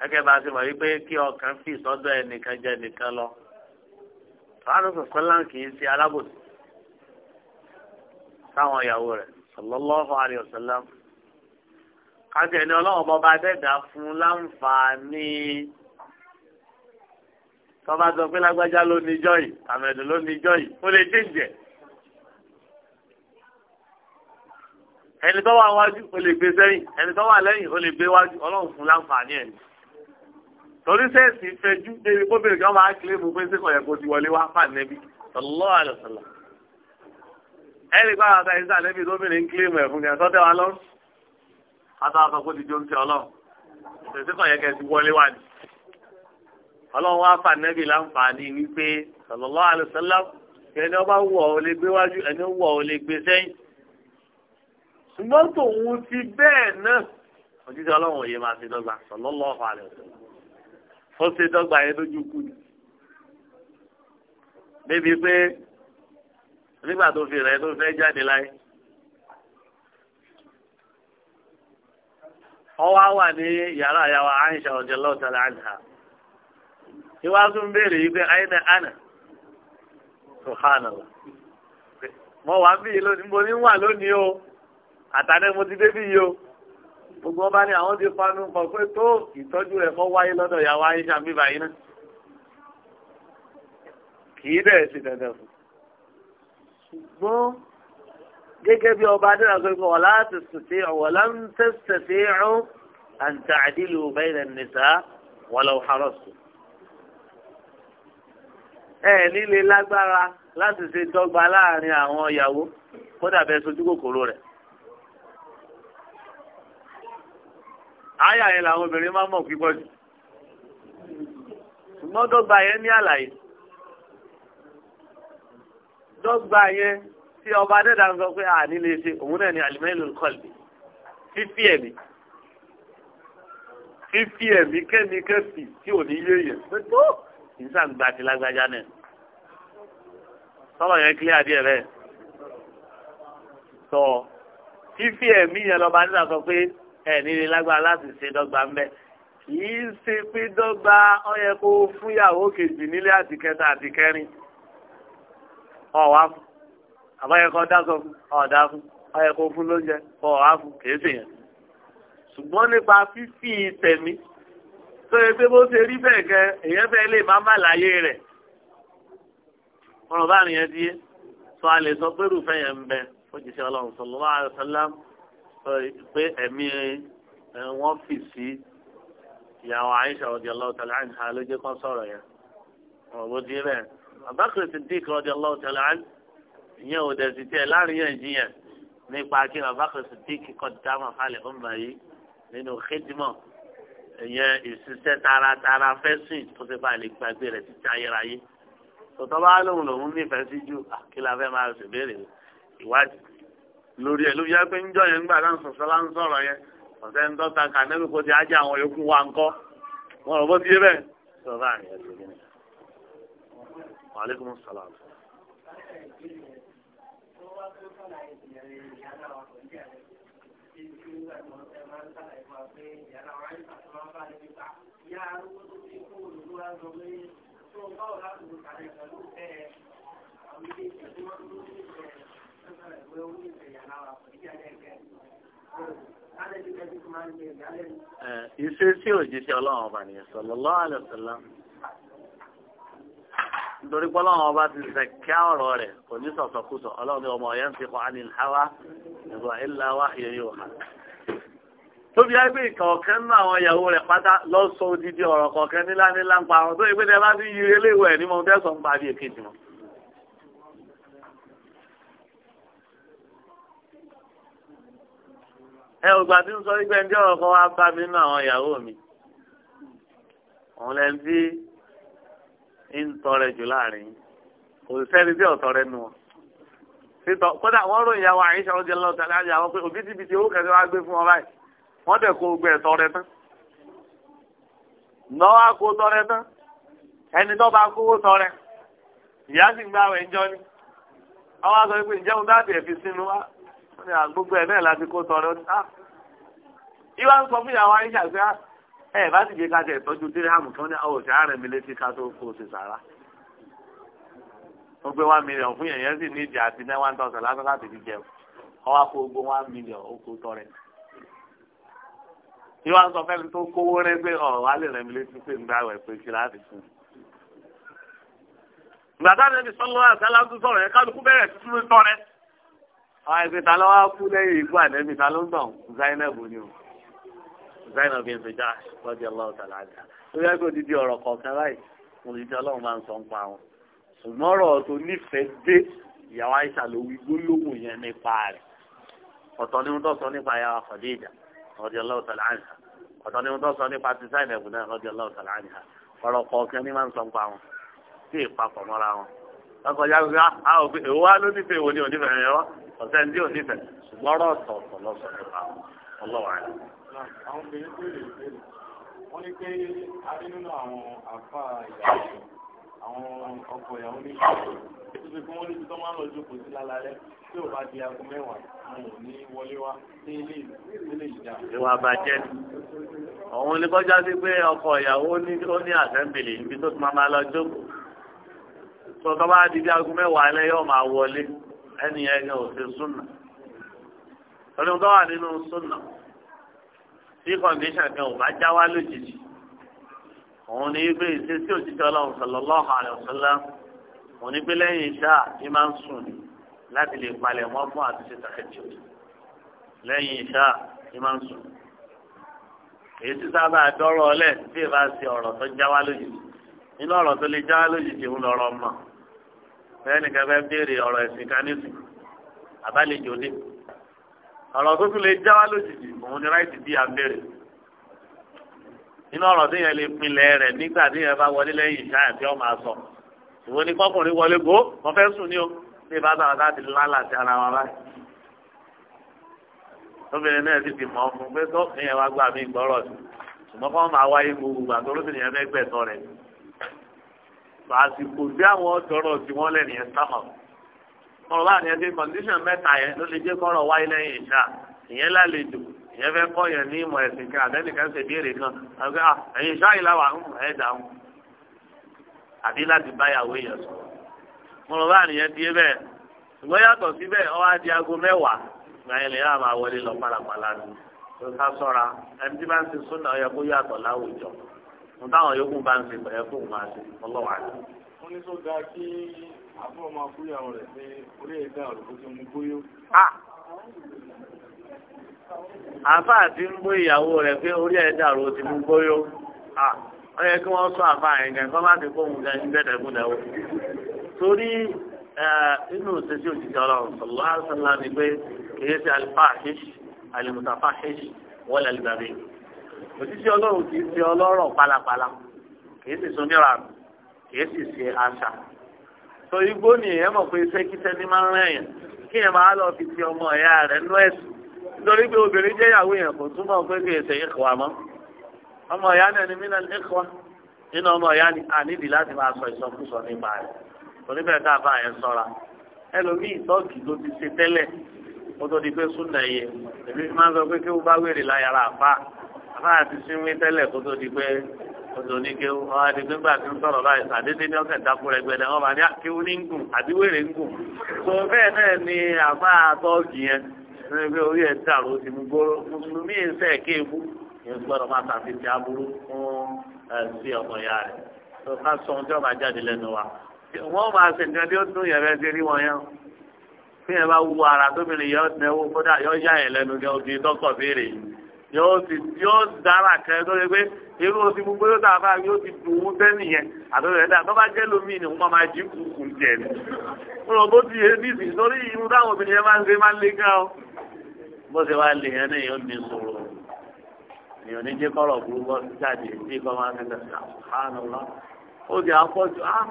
gẹ́gẹ́ bá a ṣe mọ̀ wípé kí ọkàn fi sọ́dọ̀ ẹnìkan jẹ́ nìkan lọ fàánù sọ̀sọ́lá kì í ṣe alábòsí sáwọn ìyàwó rẹ̀ sallallahu alaihi wasallam kájọ ẹni ọlọ́run bọba dẹ́gà fún láǹfààní tọ́ba sọ pé lágbájá ló ní jọ́yì àmẹ̀dù ló ní jọ́yì ó lè déjẹ̀ ẹni tó wà wájú ó lè gbé sẹ́yìn ẹni tó wà lẹ́yìn ó lè gbé wájú ọlọ́run fún láǹfààní ẹ̀ ni torí sẹ́ẹ̀sì fẹjú débi kóbìnrin kan máa kílé mu pé sẹ́kọ̀ọ́ yẹ kó ti wọlé wá fà nẹ́bí sallallahu alaihi wasallam ẹ̀rí pa àtà ìsà nẹ́bí tóbìnrin ń kílé mu ẹ̀fún ni àtọ́tẹ́ wa lọ́rùn àtàwọn àtàkó ti jó ń ti ọlọ́run sẹ́kọ̀ọ́ yẹ kẹ́ ti wọlé wá ni ọlọ́run wá fà nẹ́bí láǹfààní wípé sallallahu alaihi wasallam ẹni ọba wọ̀ ọ́ lè gbé wájú ẹni wọ̀ ọ́ lè gbé sẹ́yìn ṣùgbọ́n ó ṣe dọ́gba yẹn lójú kú ni débi pé nígbà tó fi rẹ̀ tó fẹ́ jáde láyé ọwọ́ á wà ní yàrá àyàwó Aisha radiyallahu ta'ala anha iwájú ń béèrè yìí pé àyínà àná subhanallah mo wà ń bí yìí lónìí mo ní wà lónìí o àtàdé mo ti dé bí yìí o gbogbo ọba ni àwọn ti fanu pọ̀ pé tó ìtọ́jú rẹ̀ kọ́ wáyé lọ́dọ̀ ìyàwó Aisha bí báyìí náà kì í bẹ̀rẹ̀ sí dandan fún ṣùgbọ́n gẹ́gẹ́ bí ọba adéra sọ pé ọ̀la ti sèse ọ̀la ń tẹ̀sẹ̀ sí ẹ̀rún àǹtà àdìlù bẹ́ẹ̀ nìsa wọ́n lọ harọ́sù. ẹ nílé lágbára láti ṣe dọ́gba láàrin àwọn ìyàwó kódà bẹ́ẹ̀ sojú kòkòrò rẹ̀. àyà yẹn làwọn obìnrin máa mọ̀ pípọ̀ jù ṣùgbọ́n dọ́gba yẹn ní àlàyé dọ́gba yẹn tí ọba dẹ́dà ń sọ pé à nílé ṣe òun náà ni àlùmẹ́lò kọlì fífí ẹ̀mí fífí ẹ̀mí kẹ́mi kẹ́fì tí ò ní yé yẹn pé tó ìsàǹgbà ti lágbájá náà sọ́lọ̀ yẹn kílẹ̀ adìẹ bẹ́ẹ̀ sọ fífí ẹ̀mí yẹn lọ́ba dẹ́dà sọ pé ẹ nílé lágbára láti ṣe dọ́gba ń bẹ kì í ṣe pé dọ́gba ó yẹ kó fúnyàwó kejì nílé àti kẹta àti kẹrin ọwá fún àbáyẹ kọ dáṣọ fún ọdá fún ọyẹ kó fún lóúnjẹ ọwá fún kìí ṣe yẹn ṣùgbọ́n nípa fífi tẹ̀mí tó yẹ pé bó ṣe rí bẹ́ẹ̀ gẹ èyàn fẹ́ lè má má láyé rẹ̀ ọ̀rọ̀ bá nìyẹn díẹ̀ sọ a lè sọ pé rúfẹ́ yẹn ń bẹ ó jìṣẹ́ ọlọ́run sallallahu alaihi pé ẹ̀mí wọn fì sí ìyàwó Aisha radiyallahu ta'ala anha ló jẹ́ kán sọ̀rọ̀ yẹn ọ̀rọ̀ bó dín rẹ̀ Abubakar Siddiq radiyallahu ta'ala anhu ìyẹn ò dẹ̀ sí tiẹ̀ láàrin yẹn jiyàn nípa kí Abubakar Siddiq kọ́ dáhùn falẹ̀ ọmọ yìí nínú xidimọ̀ ìyẹn ìṣiṣẹ́ taratara fẹ́sìn tó ti bá lè gbàgbé rẹ̀ títí ayérayé tọ́tọ́ bá lóun lòun nífẹ̀ẹ́ sí ju àkílà fẹ́ máa ṣèbéèrè ìwádìí lórí ẹ̀ ló yẹ pé ńjọ́ yẹn ńgbà láǹ sọ̀sọ́ yẹn ọ̀sẹ̀ ń dọ́ta kà nẹ́bí kò ti ajá àwọn yòókù wa ń kọ́ wọn ò bó ti yé bẹ́ẹ̀ bá àyẹ̀ ṣe kí ni. wàhálẹ́kùn sàlám. Eh, Ìṣe sí òjíṣẹ́ ọlọ́run ọba nìyẹn sallallahu alaihi wasallam. Nítorí pé ọlọ́run ọba ti zẹ̀kẹ́ ọ̀rọ̀ rẹ̀ kò ní sọ̀sọ̀kúsọ̀ ọlọ́run ní ọmọ ọ̀yẹ́ ń ti kọ́ anil hawa ìgbà illa wahyu yuha. Tóbi á gbé ìkọ̀ọ̀kan nínú àwọn ìyàwó rẹ̀ pátá lọ́sọ̀ọ́ dídí ọ̀rọ̀ kọ̀ọ̀kan nílá nílá ń pa àwọn tó ẹ ògbà tí ń sọ wípé ẹni tí ọ̀rọ̀ kan wá bá mi nínú àwọn ìyàwó mi òun lẹ́nu tí ń tọrẹ jù láàrin kò sẹ́ni tí ọ̀tọ̀ rẹ nu wọn títọ́ kódà wọ́n ròyìn àwọn àyíṣà ọjọ́ lọ́tà láti àwọn pé òbítíbitì owó kẹsàn-án wá gbé fún wọn báyìí wọ́n dẹ̀ kó gbé ẹ̀tọ́ rẹ tán lọ́wọ́ àkó tọrẹ tán ẹni tó bá kówó tọrẹ ìyá sì gbá àwẹ̀ ìjọ ni àwọn aṣọ ìpè ìjẹun dáàbì ẹ̀ fi sínú wa wọ́n ní àgbógbó ẹ̀ náà láti kó tọrọ ní à. ìwà ń sọ fún ìyàwó ayé ṣàgbé à bá sì gbé káṣẹ ìtọ́jú dírámù kí wọ́n ní àwọn òṣèré mi létí ká tó kó ṣe sàrà. ó gbé one million fún yẹ̀yẹ́ sì ní ìdí àti náà one thousand lásán láti fi jẹun ọwọ́ kó gbó one million ó kó tọrẹ. ìwà ń sọ fẹ́ni tó kówó rẹ pé ọ̀rọ̀ oh, wa lè rẹ̀ mi létí pé ń gbà wẹ̀ pé kí láti fún un gbàdá nàbì sọlọ àtàlà àwọn ẹgbẹ́ ta ló wá kú lẹ́yìn ikú ànẹ́bí ta ló ń tàn Zainab ni o Zainab bíi ṣèjà lọ́dí ọlọ́run tàlà àjà ó yẹ kó dídí ọ̀rọ̀ kọ̀ọ̀kan báyìí òṣìṣẹ́ ọlọ́run máa ń sọ ń pa wọn ṣùgbọ́n ọ̀rọ̀ tó nífẹ̀ẹ́ dé ìyàwó àìsà ló wí gbólóhùn yẹn nípa rẹ̀ ọ̀tọ̀ ni wọ́n tó sọ nípa ìyàwó Khadija lọ́dí ọlọ́run tàlà àjà ọ̀tọ̀ ni wọ́n sọ ọ̀sẹ̀ ní òní fẹ̀ ṣùgbọ́n ọ̀rọ̀ ọ̀tọ̀ọ̀tọ̀ lọ́sọ̀ nípa ọlọ́wà rẹ̀. àwọn obìnrin béèrè ìbéèrè wọ́n ní pé adé nínú àwọn àfa ìyàwó àwọn ọkọ̀ ìyàwó ní ìṣòro tó fi kún wọ́n níbi tó máa ń lọ jókòó sí lálálẹ́ tí ò bá di aago mẹ́wàá wọn ò ní wọlé wá ní ilé ìdílé ìjà. ìwà àbàjẹ́ òun ni kọjá sí pé ọkọ̀ ìyàwó ó ní àsẹ́ǹbìlì níbi tó ti máa máa lọ jókòó tó bá di bí aago mẹ́wàá alẹ́ yóò máa wọlé ẹni ẹgbẹ́ òfin súnà ọdún tó wà nínú súnà tí kọ̀ǹdíṣàn kan ò bá já wá lójijì òun ní pé ìṣesí òjijì ọlọ́run sallallahu alaihi òun ní pé lẹ́yìn ìṣá ní máa ń sùn ní láti lè palẹ̀ mọ́ fún àtúnṣe tàkẹ́jì lẹ́yìn ìṣá ní máa ń sùn èyí tí sábà dọ́rọ̀ ọlẹ́ tí ì ṣe ọ̀rọ̀ tó já wá lójijì nínú ọ̀rọ̀ tó lè já wá lójijì ń bẹ́ẹ̀ nìkan fẹ́ béèrè ọ̀rọ̀ ẹ̀sìn kan nísìn àbálejò ní ọ̀rọ̀ tó tún lè já wá lójijì òun ni ráìtì bí à ń béèrè nínú ọ̀rọ̀ tí yẹn lè pinlẹ̀ rẹ̀ nígbà tí yẹn bá wọlé lẹ́yìn ìṣá àti ọmọ àsọ ìwọ ni kọkùnrin wọlé gbó wọn fẹ́ sùn ní o bí ìbá tàwọn láti lálà sí ara wọn báyìí obìnrin náà sì ti mọ̀ ọ́ fún pé tó ìyẹn wá gbà mí gbọ́rọ̀ sí ṣùgbọ́n kọ́ máa wáyé gbogbo àtọ́rọ́sìn yẹn rẹ̀ àsìkò bí àwọn ọ̀dọ́rọ̀ tí wọ́n lẹ́nu yẹn sámà ọ̀rọ̀ láàrin ẹgbẹ́ kọ́ndíṣàn mẹ́ta yẹn ló lè jẹ́ kọ́rọ̀ wáyé lẹ́yìn ìṣá ìyẹn lálejò ìyẹn fẹ́ kọ́ yẹn ní ìmọ̀ ẹ̀sìn kan àbẹ́nìkan ṣe béèrè kan àgbẹ̀ ẹ̀yìn ìṣá yìí láwà ń ẹ̀ dáhùn àbí láti báyàwó yẹn sọ ọ̀rọ̀ láàrin yẹn díẹ̀ bẹ́ẹ̀ ṣùgbọ́n yàtọ̀ síbẹ̀ ọwọ́ á di aago mẹ́wàá gbàyẹn lè máa wọlé lọ pàlàpàlà ni tó ká mo táwọn yòókù bá ń ṣe pẹ̀lẹ́ kó o máa ṣe ọlọ́wà rẹ̀. wọ́n ní tó ga kí àbúrò máa fúyàwó rẹ̀ pé orí ẹ̀dá òrùkú ti mú bóyó. àfa àti ń bó ìyàwó rẹ̀ pé orí ẹ̀dá òrùkú ti mú bóyó. ó yẹ kí wọ́n sọ àfa àyẹ̀kẹ́ kọ́ má ti kóhun gan ní bẹ́tẹ̀kúnlẹ̀ o. torí inú òṣèṣì òjijì ọlọ́run sọ̀rọ̀ láti sọ̀rọ̀ láti pé kì òṣìṣẹ́ ọlọ́run kì í ṣe ọlọ́rọ̀ pálapàla kì í sì sun níra nù kì í sì ṣe àṣà tó igbó ni èèyàn mọ̀ pé iṣẹ́ kíṣẹ́ ní máa ń rẹ̀ yẹn kí èèyàn máa lọ fi ti ọmọ ẹ̀yà rẹ̀ nú ẹ̀sùn nítorí pé obìnrin jẹ́ ìyàwó yẹn kò túmọ̀ pé kì í ṣe ìkọ̀wà mọ́ ọmọ ẹ̀yà náà ni mílíọ̀nù ìkọ̀wà nínú ọmọ ẹ̀yà ni àníbi láti máa sọ ìsọkúsọ nípa rẹ̀ oníbẹ̀ tá a bá yẹn sọ́ra ẹlòmíì tọ́ọ̀kì ló ti ṣe tẹ́lẹ̀ ó tó di pé súnà yẹ èmi máa ń sọ pé kí ó bá wèrè láyàrá àfáà àfáà ti sínwé tẹ́lẹ̀ kó di pé odò ní kéwú ọ̀hún adigun gbà tí ń sọ̀rọ̀ báyìí sàdédé ní ọ̀kẹ́ dákú rẹ̀ gbẹdẹ wọn ní akéwú ní ngùn àdíwèrè ngùn tó bẹ́ẹ̀ náà ni àfáà tọ́ọ̀gì yẹn ní pé orí ẹ̀ dàrú ti mú gbóró mùsùlùmí ìfẹ́ kéwú yẹn gbọ́dọ̀ máa ṣàfihàn aburú fún sí ọmọ ìyá rẹ̀ tó ká sọ ohun tí wọ́n máa jáde lẹ́nu wa wọ́n máa ṣe nǹkan tí ó dún yẹn fẹ́ ṣe rí yẹn fi yẹn bá wu ara tóbi yóò ti yóò dára kan tó ṣe pé irú oṣù gbogbo yóò tàbá yóò ti dùn ún sẹ́ni yẹn àtọ́jú ẹ̀dá tó bá jẹ́ lómi ni wọ́n máa jí kùkù jẹ̀ ni. wọ́n rọ̀ bó ti yé nísìsiyìí torí irun táwọn obìnrin yẹn máa ń ṣe máa ń lé gan o. bó ṣe wá lè yẹn náà yóò sòrò èèyàn ní jẹ́ kọ́rọ̀ burúkú jáde bí kọ́ máa ń ṣe ṣe àhánàlá. ó ti àpọ̀jù á ah,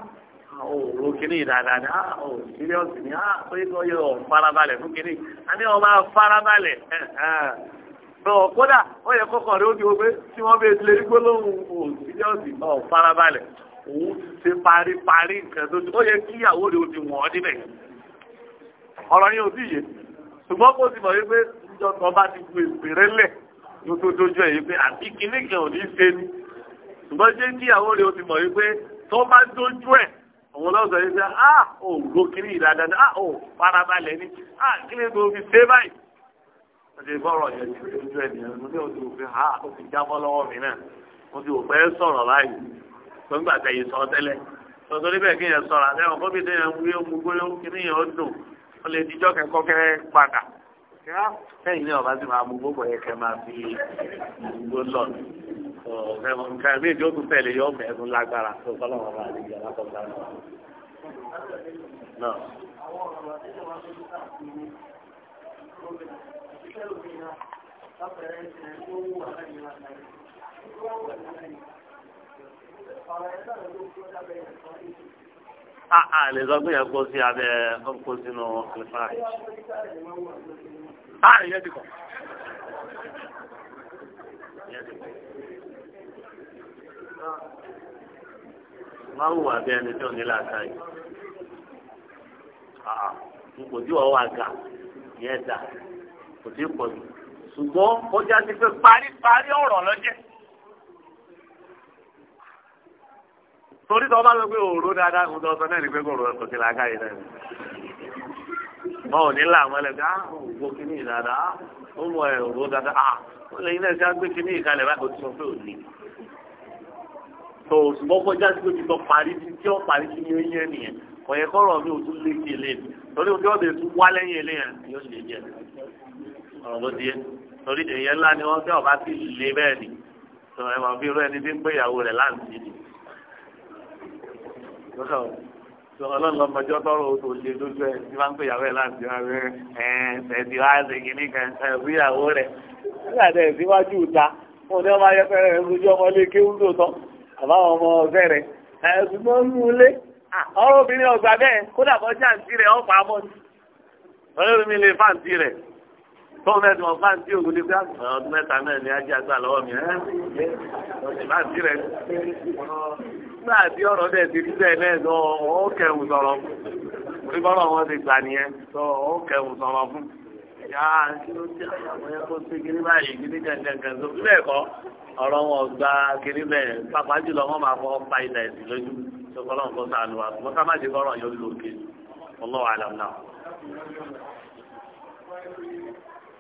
ah, òòrò kìíní ìdáadáa ni á ah, ò síríọ̀sì ni á ó yẹ kó yẹ ọ̀ farabalẹ̀ fún kìíní. a ní ọ máa farabalẹ̀ bọ̀ kódà ó yẹ kọ́kọ́ rẹ ó di ogbé tí wọ́n bẹ lé gbólóhùn òsíjọ́sì ọ̀ farabalẹ̀ òun ti ṣe paríparí nǹkan tó ó yẹ kí ìyàwó rẹ ó ti wọ̀n ọ́ níbẹ̀ ọ̀rọ̀ yẹn ò sì yé ṣùgbọ́n kó ti mọ̀ wípé ìjọba bá ti gbé ìpèrè lẹ̀ ló tó dojú ẹ̀ yìí pé àti kinní kan ò ní ṣe ni ṣùgbọ́n ṣé kí ìyàwó rẹ ó ti mọ̀ wípé tó bá dojú ẹ̀ òun náà yìí pé ah ò gbókiri ìdáadáa ah ò farabalẹ̀ ni ah kí ni tó fi ṣe báyìí ọdẹ bọ́rọ̀ yẹn ti fi ojú ẹnìyẹn mo ní ojú òfin ha ó ti jábọ́ lọ́wọ́ mi náà mo ti òfin ẹ sọ̀rọ̀ láàyè tó ń gbà tẹ̀ yìí sọ tẹ́lẹ̀ tọ́tọ́ níbẹ̀ kí yẹn sọ̀rọ̀ àtẹ̀wọ̀n kó bí tẹ̀ yẹn wúyẹ́ mú gbóló kí ni yẹn ó dùn ó lè dijọ́ kẹ́kọ́ kẹ́ padà kẹ́yìn ní ọ̀bá sì máa mú gbogbo yẹn máa fi gbogbo lọ a ah, ah, lè sọ pé yẹn kó sí abẹ kó sínú ìfúnra yìí. a yẹ ti kọ. máa ń wà bí ẹni tí ò ní làákà yìí. Ah, n kò tí wọ́n wà ga yẹn dà kò tí ì pọ̀ jù ṣùgbọ́n ó jáde pé paríparí ọ̀rọ̀ lọ́jẹ́. torí tó bá lọ pé òru dáadáa kò tó sọ náà ní pé kò rọ kò sí làákàyè náà wọn ò ní làwọn ẹlẹgbẹ́ ah òwò kìíní ìdáadáa ah ó mọ ẹ òwò dáadáa ah ó lè iná ẹsẹ agbé kìíní ìkàlẹ̀ báyìí kò tí sọ pé ò ní. tó o sì mọ́kọ́ jáde pé ti sọ parí tí ó parí ti yóò yẹ nìyẹn kò mi ò tún lé kele torí o tí wá lẹ́yìn eléyàn yóò lè jẹ́ ọ̀rọ̀ ló di yé torí èèyàn ńlá ni wọ́n fẹ́ ọba ti lé bẹ́ẹ̀ ni tó ẹ̀ mọ̀ bí irú ẹni tí ń pé ìyàwó rẹ̀ láǹtì ni. ọlọ́run lọ́mọdé ọtọ́rọ̀ oṣù lè lójú ẹ̀ tí wọ́n ń pè ìyàwó rẹ̀ láǹtì wọn rẹ̀ ẹ̀ ẹ̀sìn wá ṣe kìíní kan ẹ̀bí ìyàwó rẹ̀ nígbà tẹ̀ síwájú ìta mo ní ọmọ ayẹpẹrẹ rẹ lójú ọmọ ilé kéwú lóòótọ́ àbáwọn ọmọ ọ̀fẹ́ rẹ̀ ẹ̀sùnmọ́ ń mú lé ọ̀rọ̀ obìnrin ọgbà bẹ́ẹ̀ kódà bọ́jà ń tirẹ̀ ọ̀pá mọ́ni ọlọ́run mi lè fáǹtì tó mẹ́ta wọn bá ń tí òun ní bí ọdún mẹ́ta náà ní ajé àgbà lọ́wọ́ mi ẹ́ bá ń tí nígbà tí ọ̀rọ̀ dẹ̀ ti rí bẹ́ẹ̀ náà sọ ọ́ kẹ̀hùn sọ̀rọ̀ fún orí bọ́rọ̀ wọn ti gbà nìyẹn sọ ọ́ kẹ̀hùn sọ̀rọ̀ fún. yà á kí ló ti kiri báyìí kiri kẹ̀kẹ̀kẹ̀ tó fi bẹ́ẹ̀ kọ́ ọ̀rọ̀ wọn gba kiri bẹ́ẹ̀ pàpà jùlọ wọn máa fọ́ pa ilẹ̀ lójú sọkọlọ́n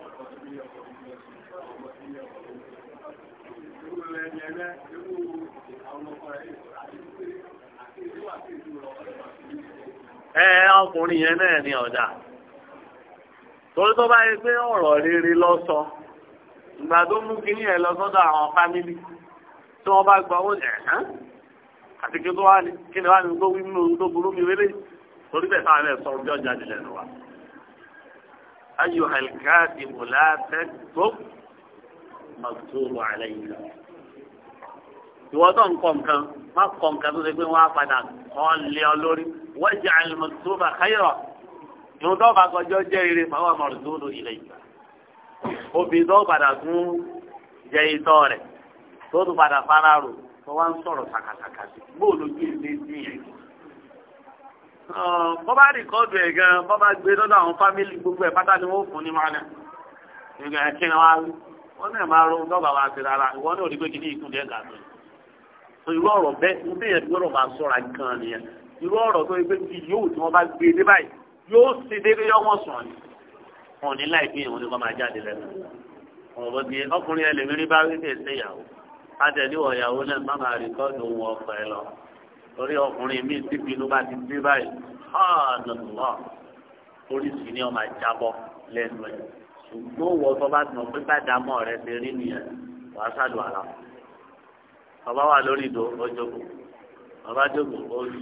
ẹ ọkùnrin yẹn náà ni ọ̀dà torí tó bá pé ọ̀rọ̀ rere lọsọ ìgbà tó mú lọ sọ́dọ̀ àwọn fámìlì tí wọ́n bá gba owó ẹ̀ àti kí tó wá ní kí tó burú mi torí sáà sọ أيها الكاتب لا تكتب مكتوب عليك ìwọ́tọ̀ nǹkan kan má kọ nǹkan tó ṣe pé wọ́n á padà kọ́ lé ọ lórí wọ́n jẹ́ àlùmọ̀tòbà káyọ̀ ìwọ́n tó bá kọjọ́ jẹ́ rere fáwọn ọmọ rẹ̀ ilẹ̀ yìí obìnrin tó padà tún jẹ itọ́ rẹ̀ tó tún padà fara rò tó wá ń sọ̀rọ̀ sàkàsàkà bóòlù kí n lè dín yẹn bọ́ bá rìkọ́dù ẹ̀ gan bọ́ bá gbé lọ́dọ̀ àwọn fámìlì gbogbo ẹ̀ pátá ni wọ́n fún ní máa nà ìgbà kí ni wọ́n á rí wọ́n náà máa ro dọ́gba wa sí rárá ìwọ náà rí pé kí ní ìkú gàdú so irú ọ̀rọ̀ bẹ́ẹ̀ ń bẹ̀yẹ̀ bí ọ̀rọ̀ bá sọ̀ra gan nìyẹn irú ọ̀rọ̀ tó yẹ pé bí yóò tí wọ́n bá gbé dé báyìí yóò ṣe déédéé yọ wọ́n ni wọn ní láì fi ìwọ̀n ni wọ́n máa jáde lẹ́nu ọ̀rọ̀ bọ́ di ọkùnrin ẹlẹ́mìírí bá rí tẹ̀ sí ìyàwó torí ọkùnrin mi ti bínú bá ti dé báyìí ọ̀nàmọ́ oríṣi ni ọmọ àjábọ̀ lẹ́nu ẹ̀ ṣùgbọ́n wọ́n tó bá tún pé bàdámọ́ rẹ̀ ti rí nìyẹn wàá ṣàdù àlà bàbá wà lórí ìdó ọjọ́gbò bàbá jògbò oṣù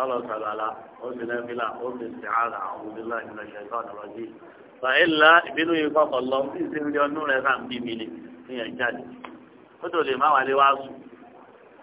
ọlọ ṣàdù àlà oṣù nẹ́fìlà oṣù sì àrà àwọn ìlú ìlú ṣẹ̀kọ́ ọ̀dọ̀rọ̀ yìí fàílà ìbínú yìí kọ́kọ́ lọ sí ìsinmi ọdún rẹ̀ sàn bí mi ni ìyẹn jáde ó tó lè má wà wá sùn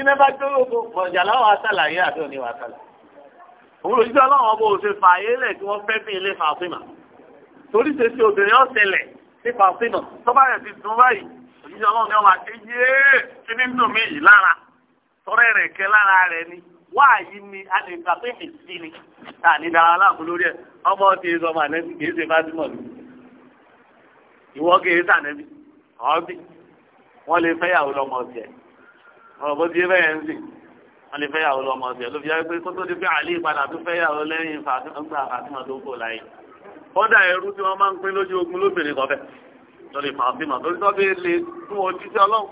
tí náà bá gbólógo mọ̀jà láwọn asàlàyé àti òní wàá sàlàyé. òun lòdì sí ọlọ́run ọba òṣè fààyè lẹ̀ tí wọ́n fẹ́ bí ilé fàfínà torí ṣe ṣe obìnrin ọ̀sẹ̀lẹ̀ sí fàfínà tó bá rẹ̀ ti dùn báyìí òdì sí ọlọ́run ọba ṣe yé kí ní dùn mí yìí lára tọ́rẹ́ rẹ̀ kẹ́ lára rẹ̀ ni wáàyí ni a lè gbà pé mèsì ni ta ní dara aláàbò lórí ẹ̀ ọmọ ti sọ ọmọ ànẹ́bí kì í ṣe fásitì ìwọ kì í sànẹ́bí ọ̀rọ̀ bó di ẹ bẹ́ẹ̀ ń sìn wọ́n lè fẹ́yàwó lọ́mọ ọ̀sẹ̀ ló fi yá pé kó tó di pé àlè ìpadà tó fẹ́yàwó lẹ́yìn fàtúngbà fàtúngbà tó kò láyé kọ́dà ẹrú tí wọ́n máa ń pín lójú ogun lóbìnrin kan fẹ́ lórí fàtímà torí tó bí lè tún òjijì ọlọ́run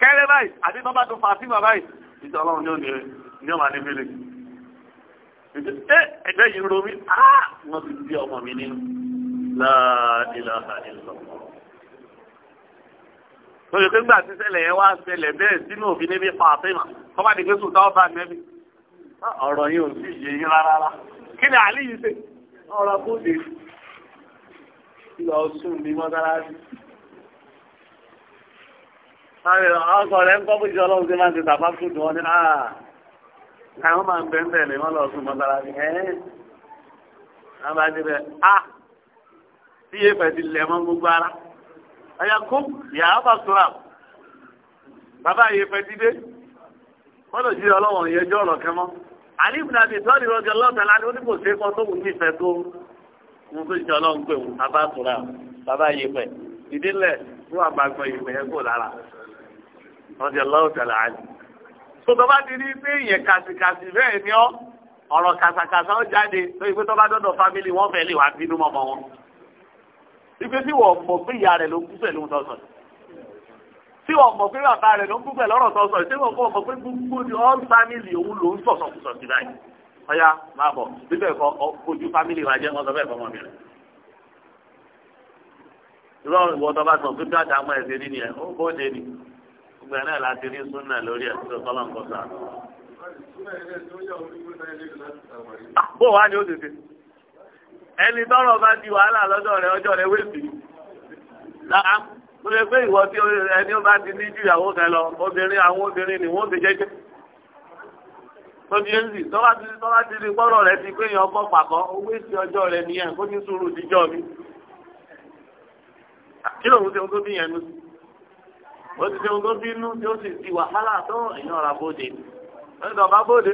kẹ́rẹ́ báyìí àti tó bá tún fàtímà báyìí ìjọ ọlọ́run ní òní ní ọmọ ní fílẹ̀. ẹgbẹ́ yìí ń ro ah wọ́n ti di ọmọ mi nínú láàdìlà àdìlà ọmọ lórí pé gbà tí yẹn wá ṣẹlẹ̀ bẹ́ẹ̀ sínú òbí níbi Fàtímà kọ́ bá di pé sùn táwọn bá ah, yìí ò sí yé yín rárá kí ni àlì yìí ṣe ọ̀rọ̀ bóde lọ sùn ní mọ́sálásí. ọkọ̀ rẹ̀ ń kọ́ bójú ọlọ́run tí ah, máa ń ṣe tàbá fún ìdùn ọdún náà àwọn máa ń bẹ̀ ń bẹ̀ wọ́n lọ sùn mọ́sálásí ẹ́ẹ́ àwọn bá dé bẹ́ẹ̀ ah ẹ̀yàkú yàrá bá sọ́ra bàbá yìí fẹ́ dídé gbọ́dọ̀ jí ọlọ́wọ̀n yẹn jọ́ ọ̀rọ̀ kẹ́mọ́ àlìbùnà àti ìtọ́ni rọjò lọ́tẹ̀ láti oníbò ṣe kọ́ tó wùn nífẹ̀ẹ́ tó ń tó jẹ́ ọlọ́run pé òun bàbá sọ́ra bàbá yìí fẹ́ dídé lẹ̀ fún àgbàgbọ́ ìgbẹ́ yẹn kò lára rọjò lọ́tẹ̀ láti. tó tó bá ti rí pé ìyẹn kàṣìkàṣì bẹ́ẹ̀ ni ọ ọ̀rọ̀ kàṣàkàṣà ó jáde tó ìgbé tó bá dọ́dọ̀ fámìlì wọn fẹ́ lè wá bínú mọ́mọ́ wọn ipe tí wọ́n mọ̀ pé ìyá rẹ̀ ló ń kú pẹ̀lú tọ́sọ̀ tí wọ́n mọ̀ pé bàbá rẹ̀ ló ń kú pẹ̀lú ọ̀rọ̀ tọ́sọ̀ tí wọ́n mọ̀ pé gbogbo ni all family òun ló ń sọ̀sọ̀ kùsọ̀ sí báyìí ọ̀yá máa bọ̀ bíbẹ̀ kọ ojú family wa jẹ́ ọ̀sọ̀ bẹ́ẹ̀ fọmọ mi rẹ̀. irọ́ ìwọ tó bá sọ pé bí àdàmú ẹ̀ ṣe rí ni ẹ̀ ó bóde ni gbogbo náà láti rí súnà lórí ẹ̀ tó ah, ó ti ẹni tọrọ bá di wàhálà lọ́jọ́ rẹ̀ ọjọ́ rẹ̀ wéèsì láà mo lè gbé ìwọ tí ẹni bá ti ní ju ìyàwó lọ obìnrin àwọn obìnrin ni wọ́n ti jẹ́jẹ́ tọ́bíyẹ́nsì tọ́wá tọ́wá ti di gbọ́rọ̀ rẹ̀ ti pé owó èsì ọjọ́ rẹ̀ nìyẹn kó ní sùúrù mi kí lòun wàhálà tó ra bóde bá bóde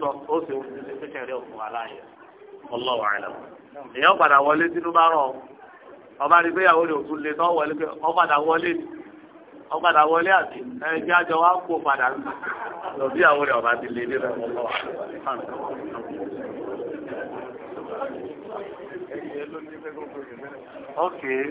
sọ èèyàn padà wọlé sínú bá rọ ọba rí gbéyàwó rẹ òtún lè tọ́ wọlé pé ọ padà wọlé ọ padà wọlé àti ẹni tí àjọ wa kó padà lọ́bí àwọn rẹ ọba ti lè dé rẹ wọ́n lọ́wọ́. Okay.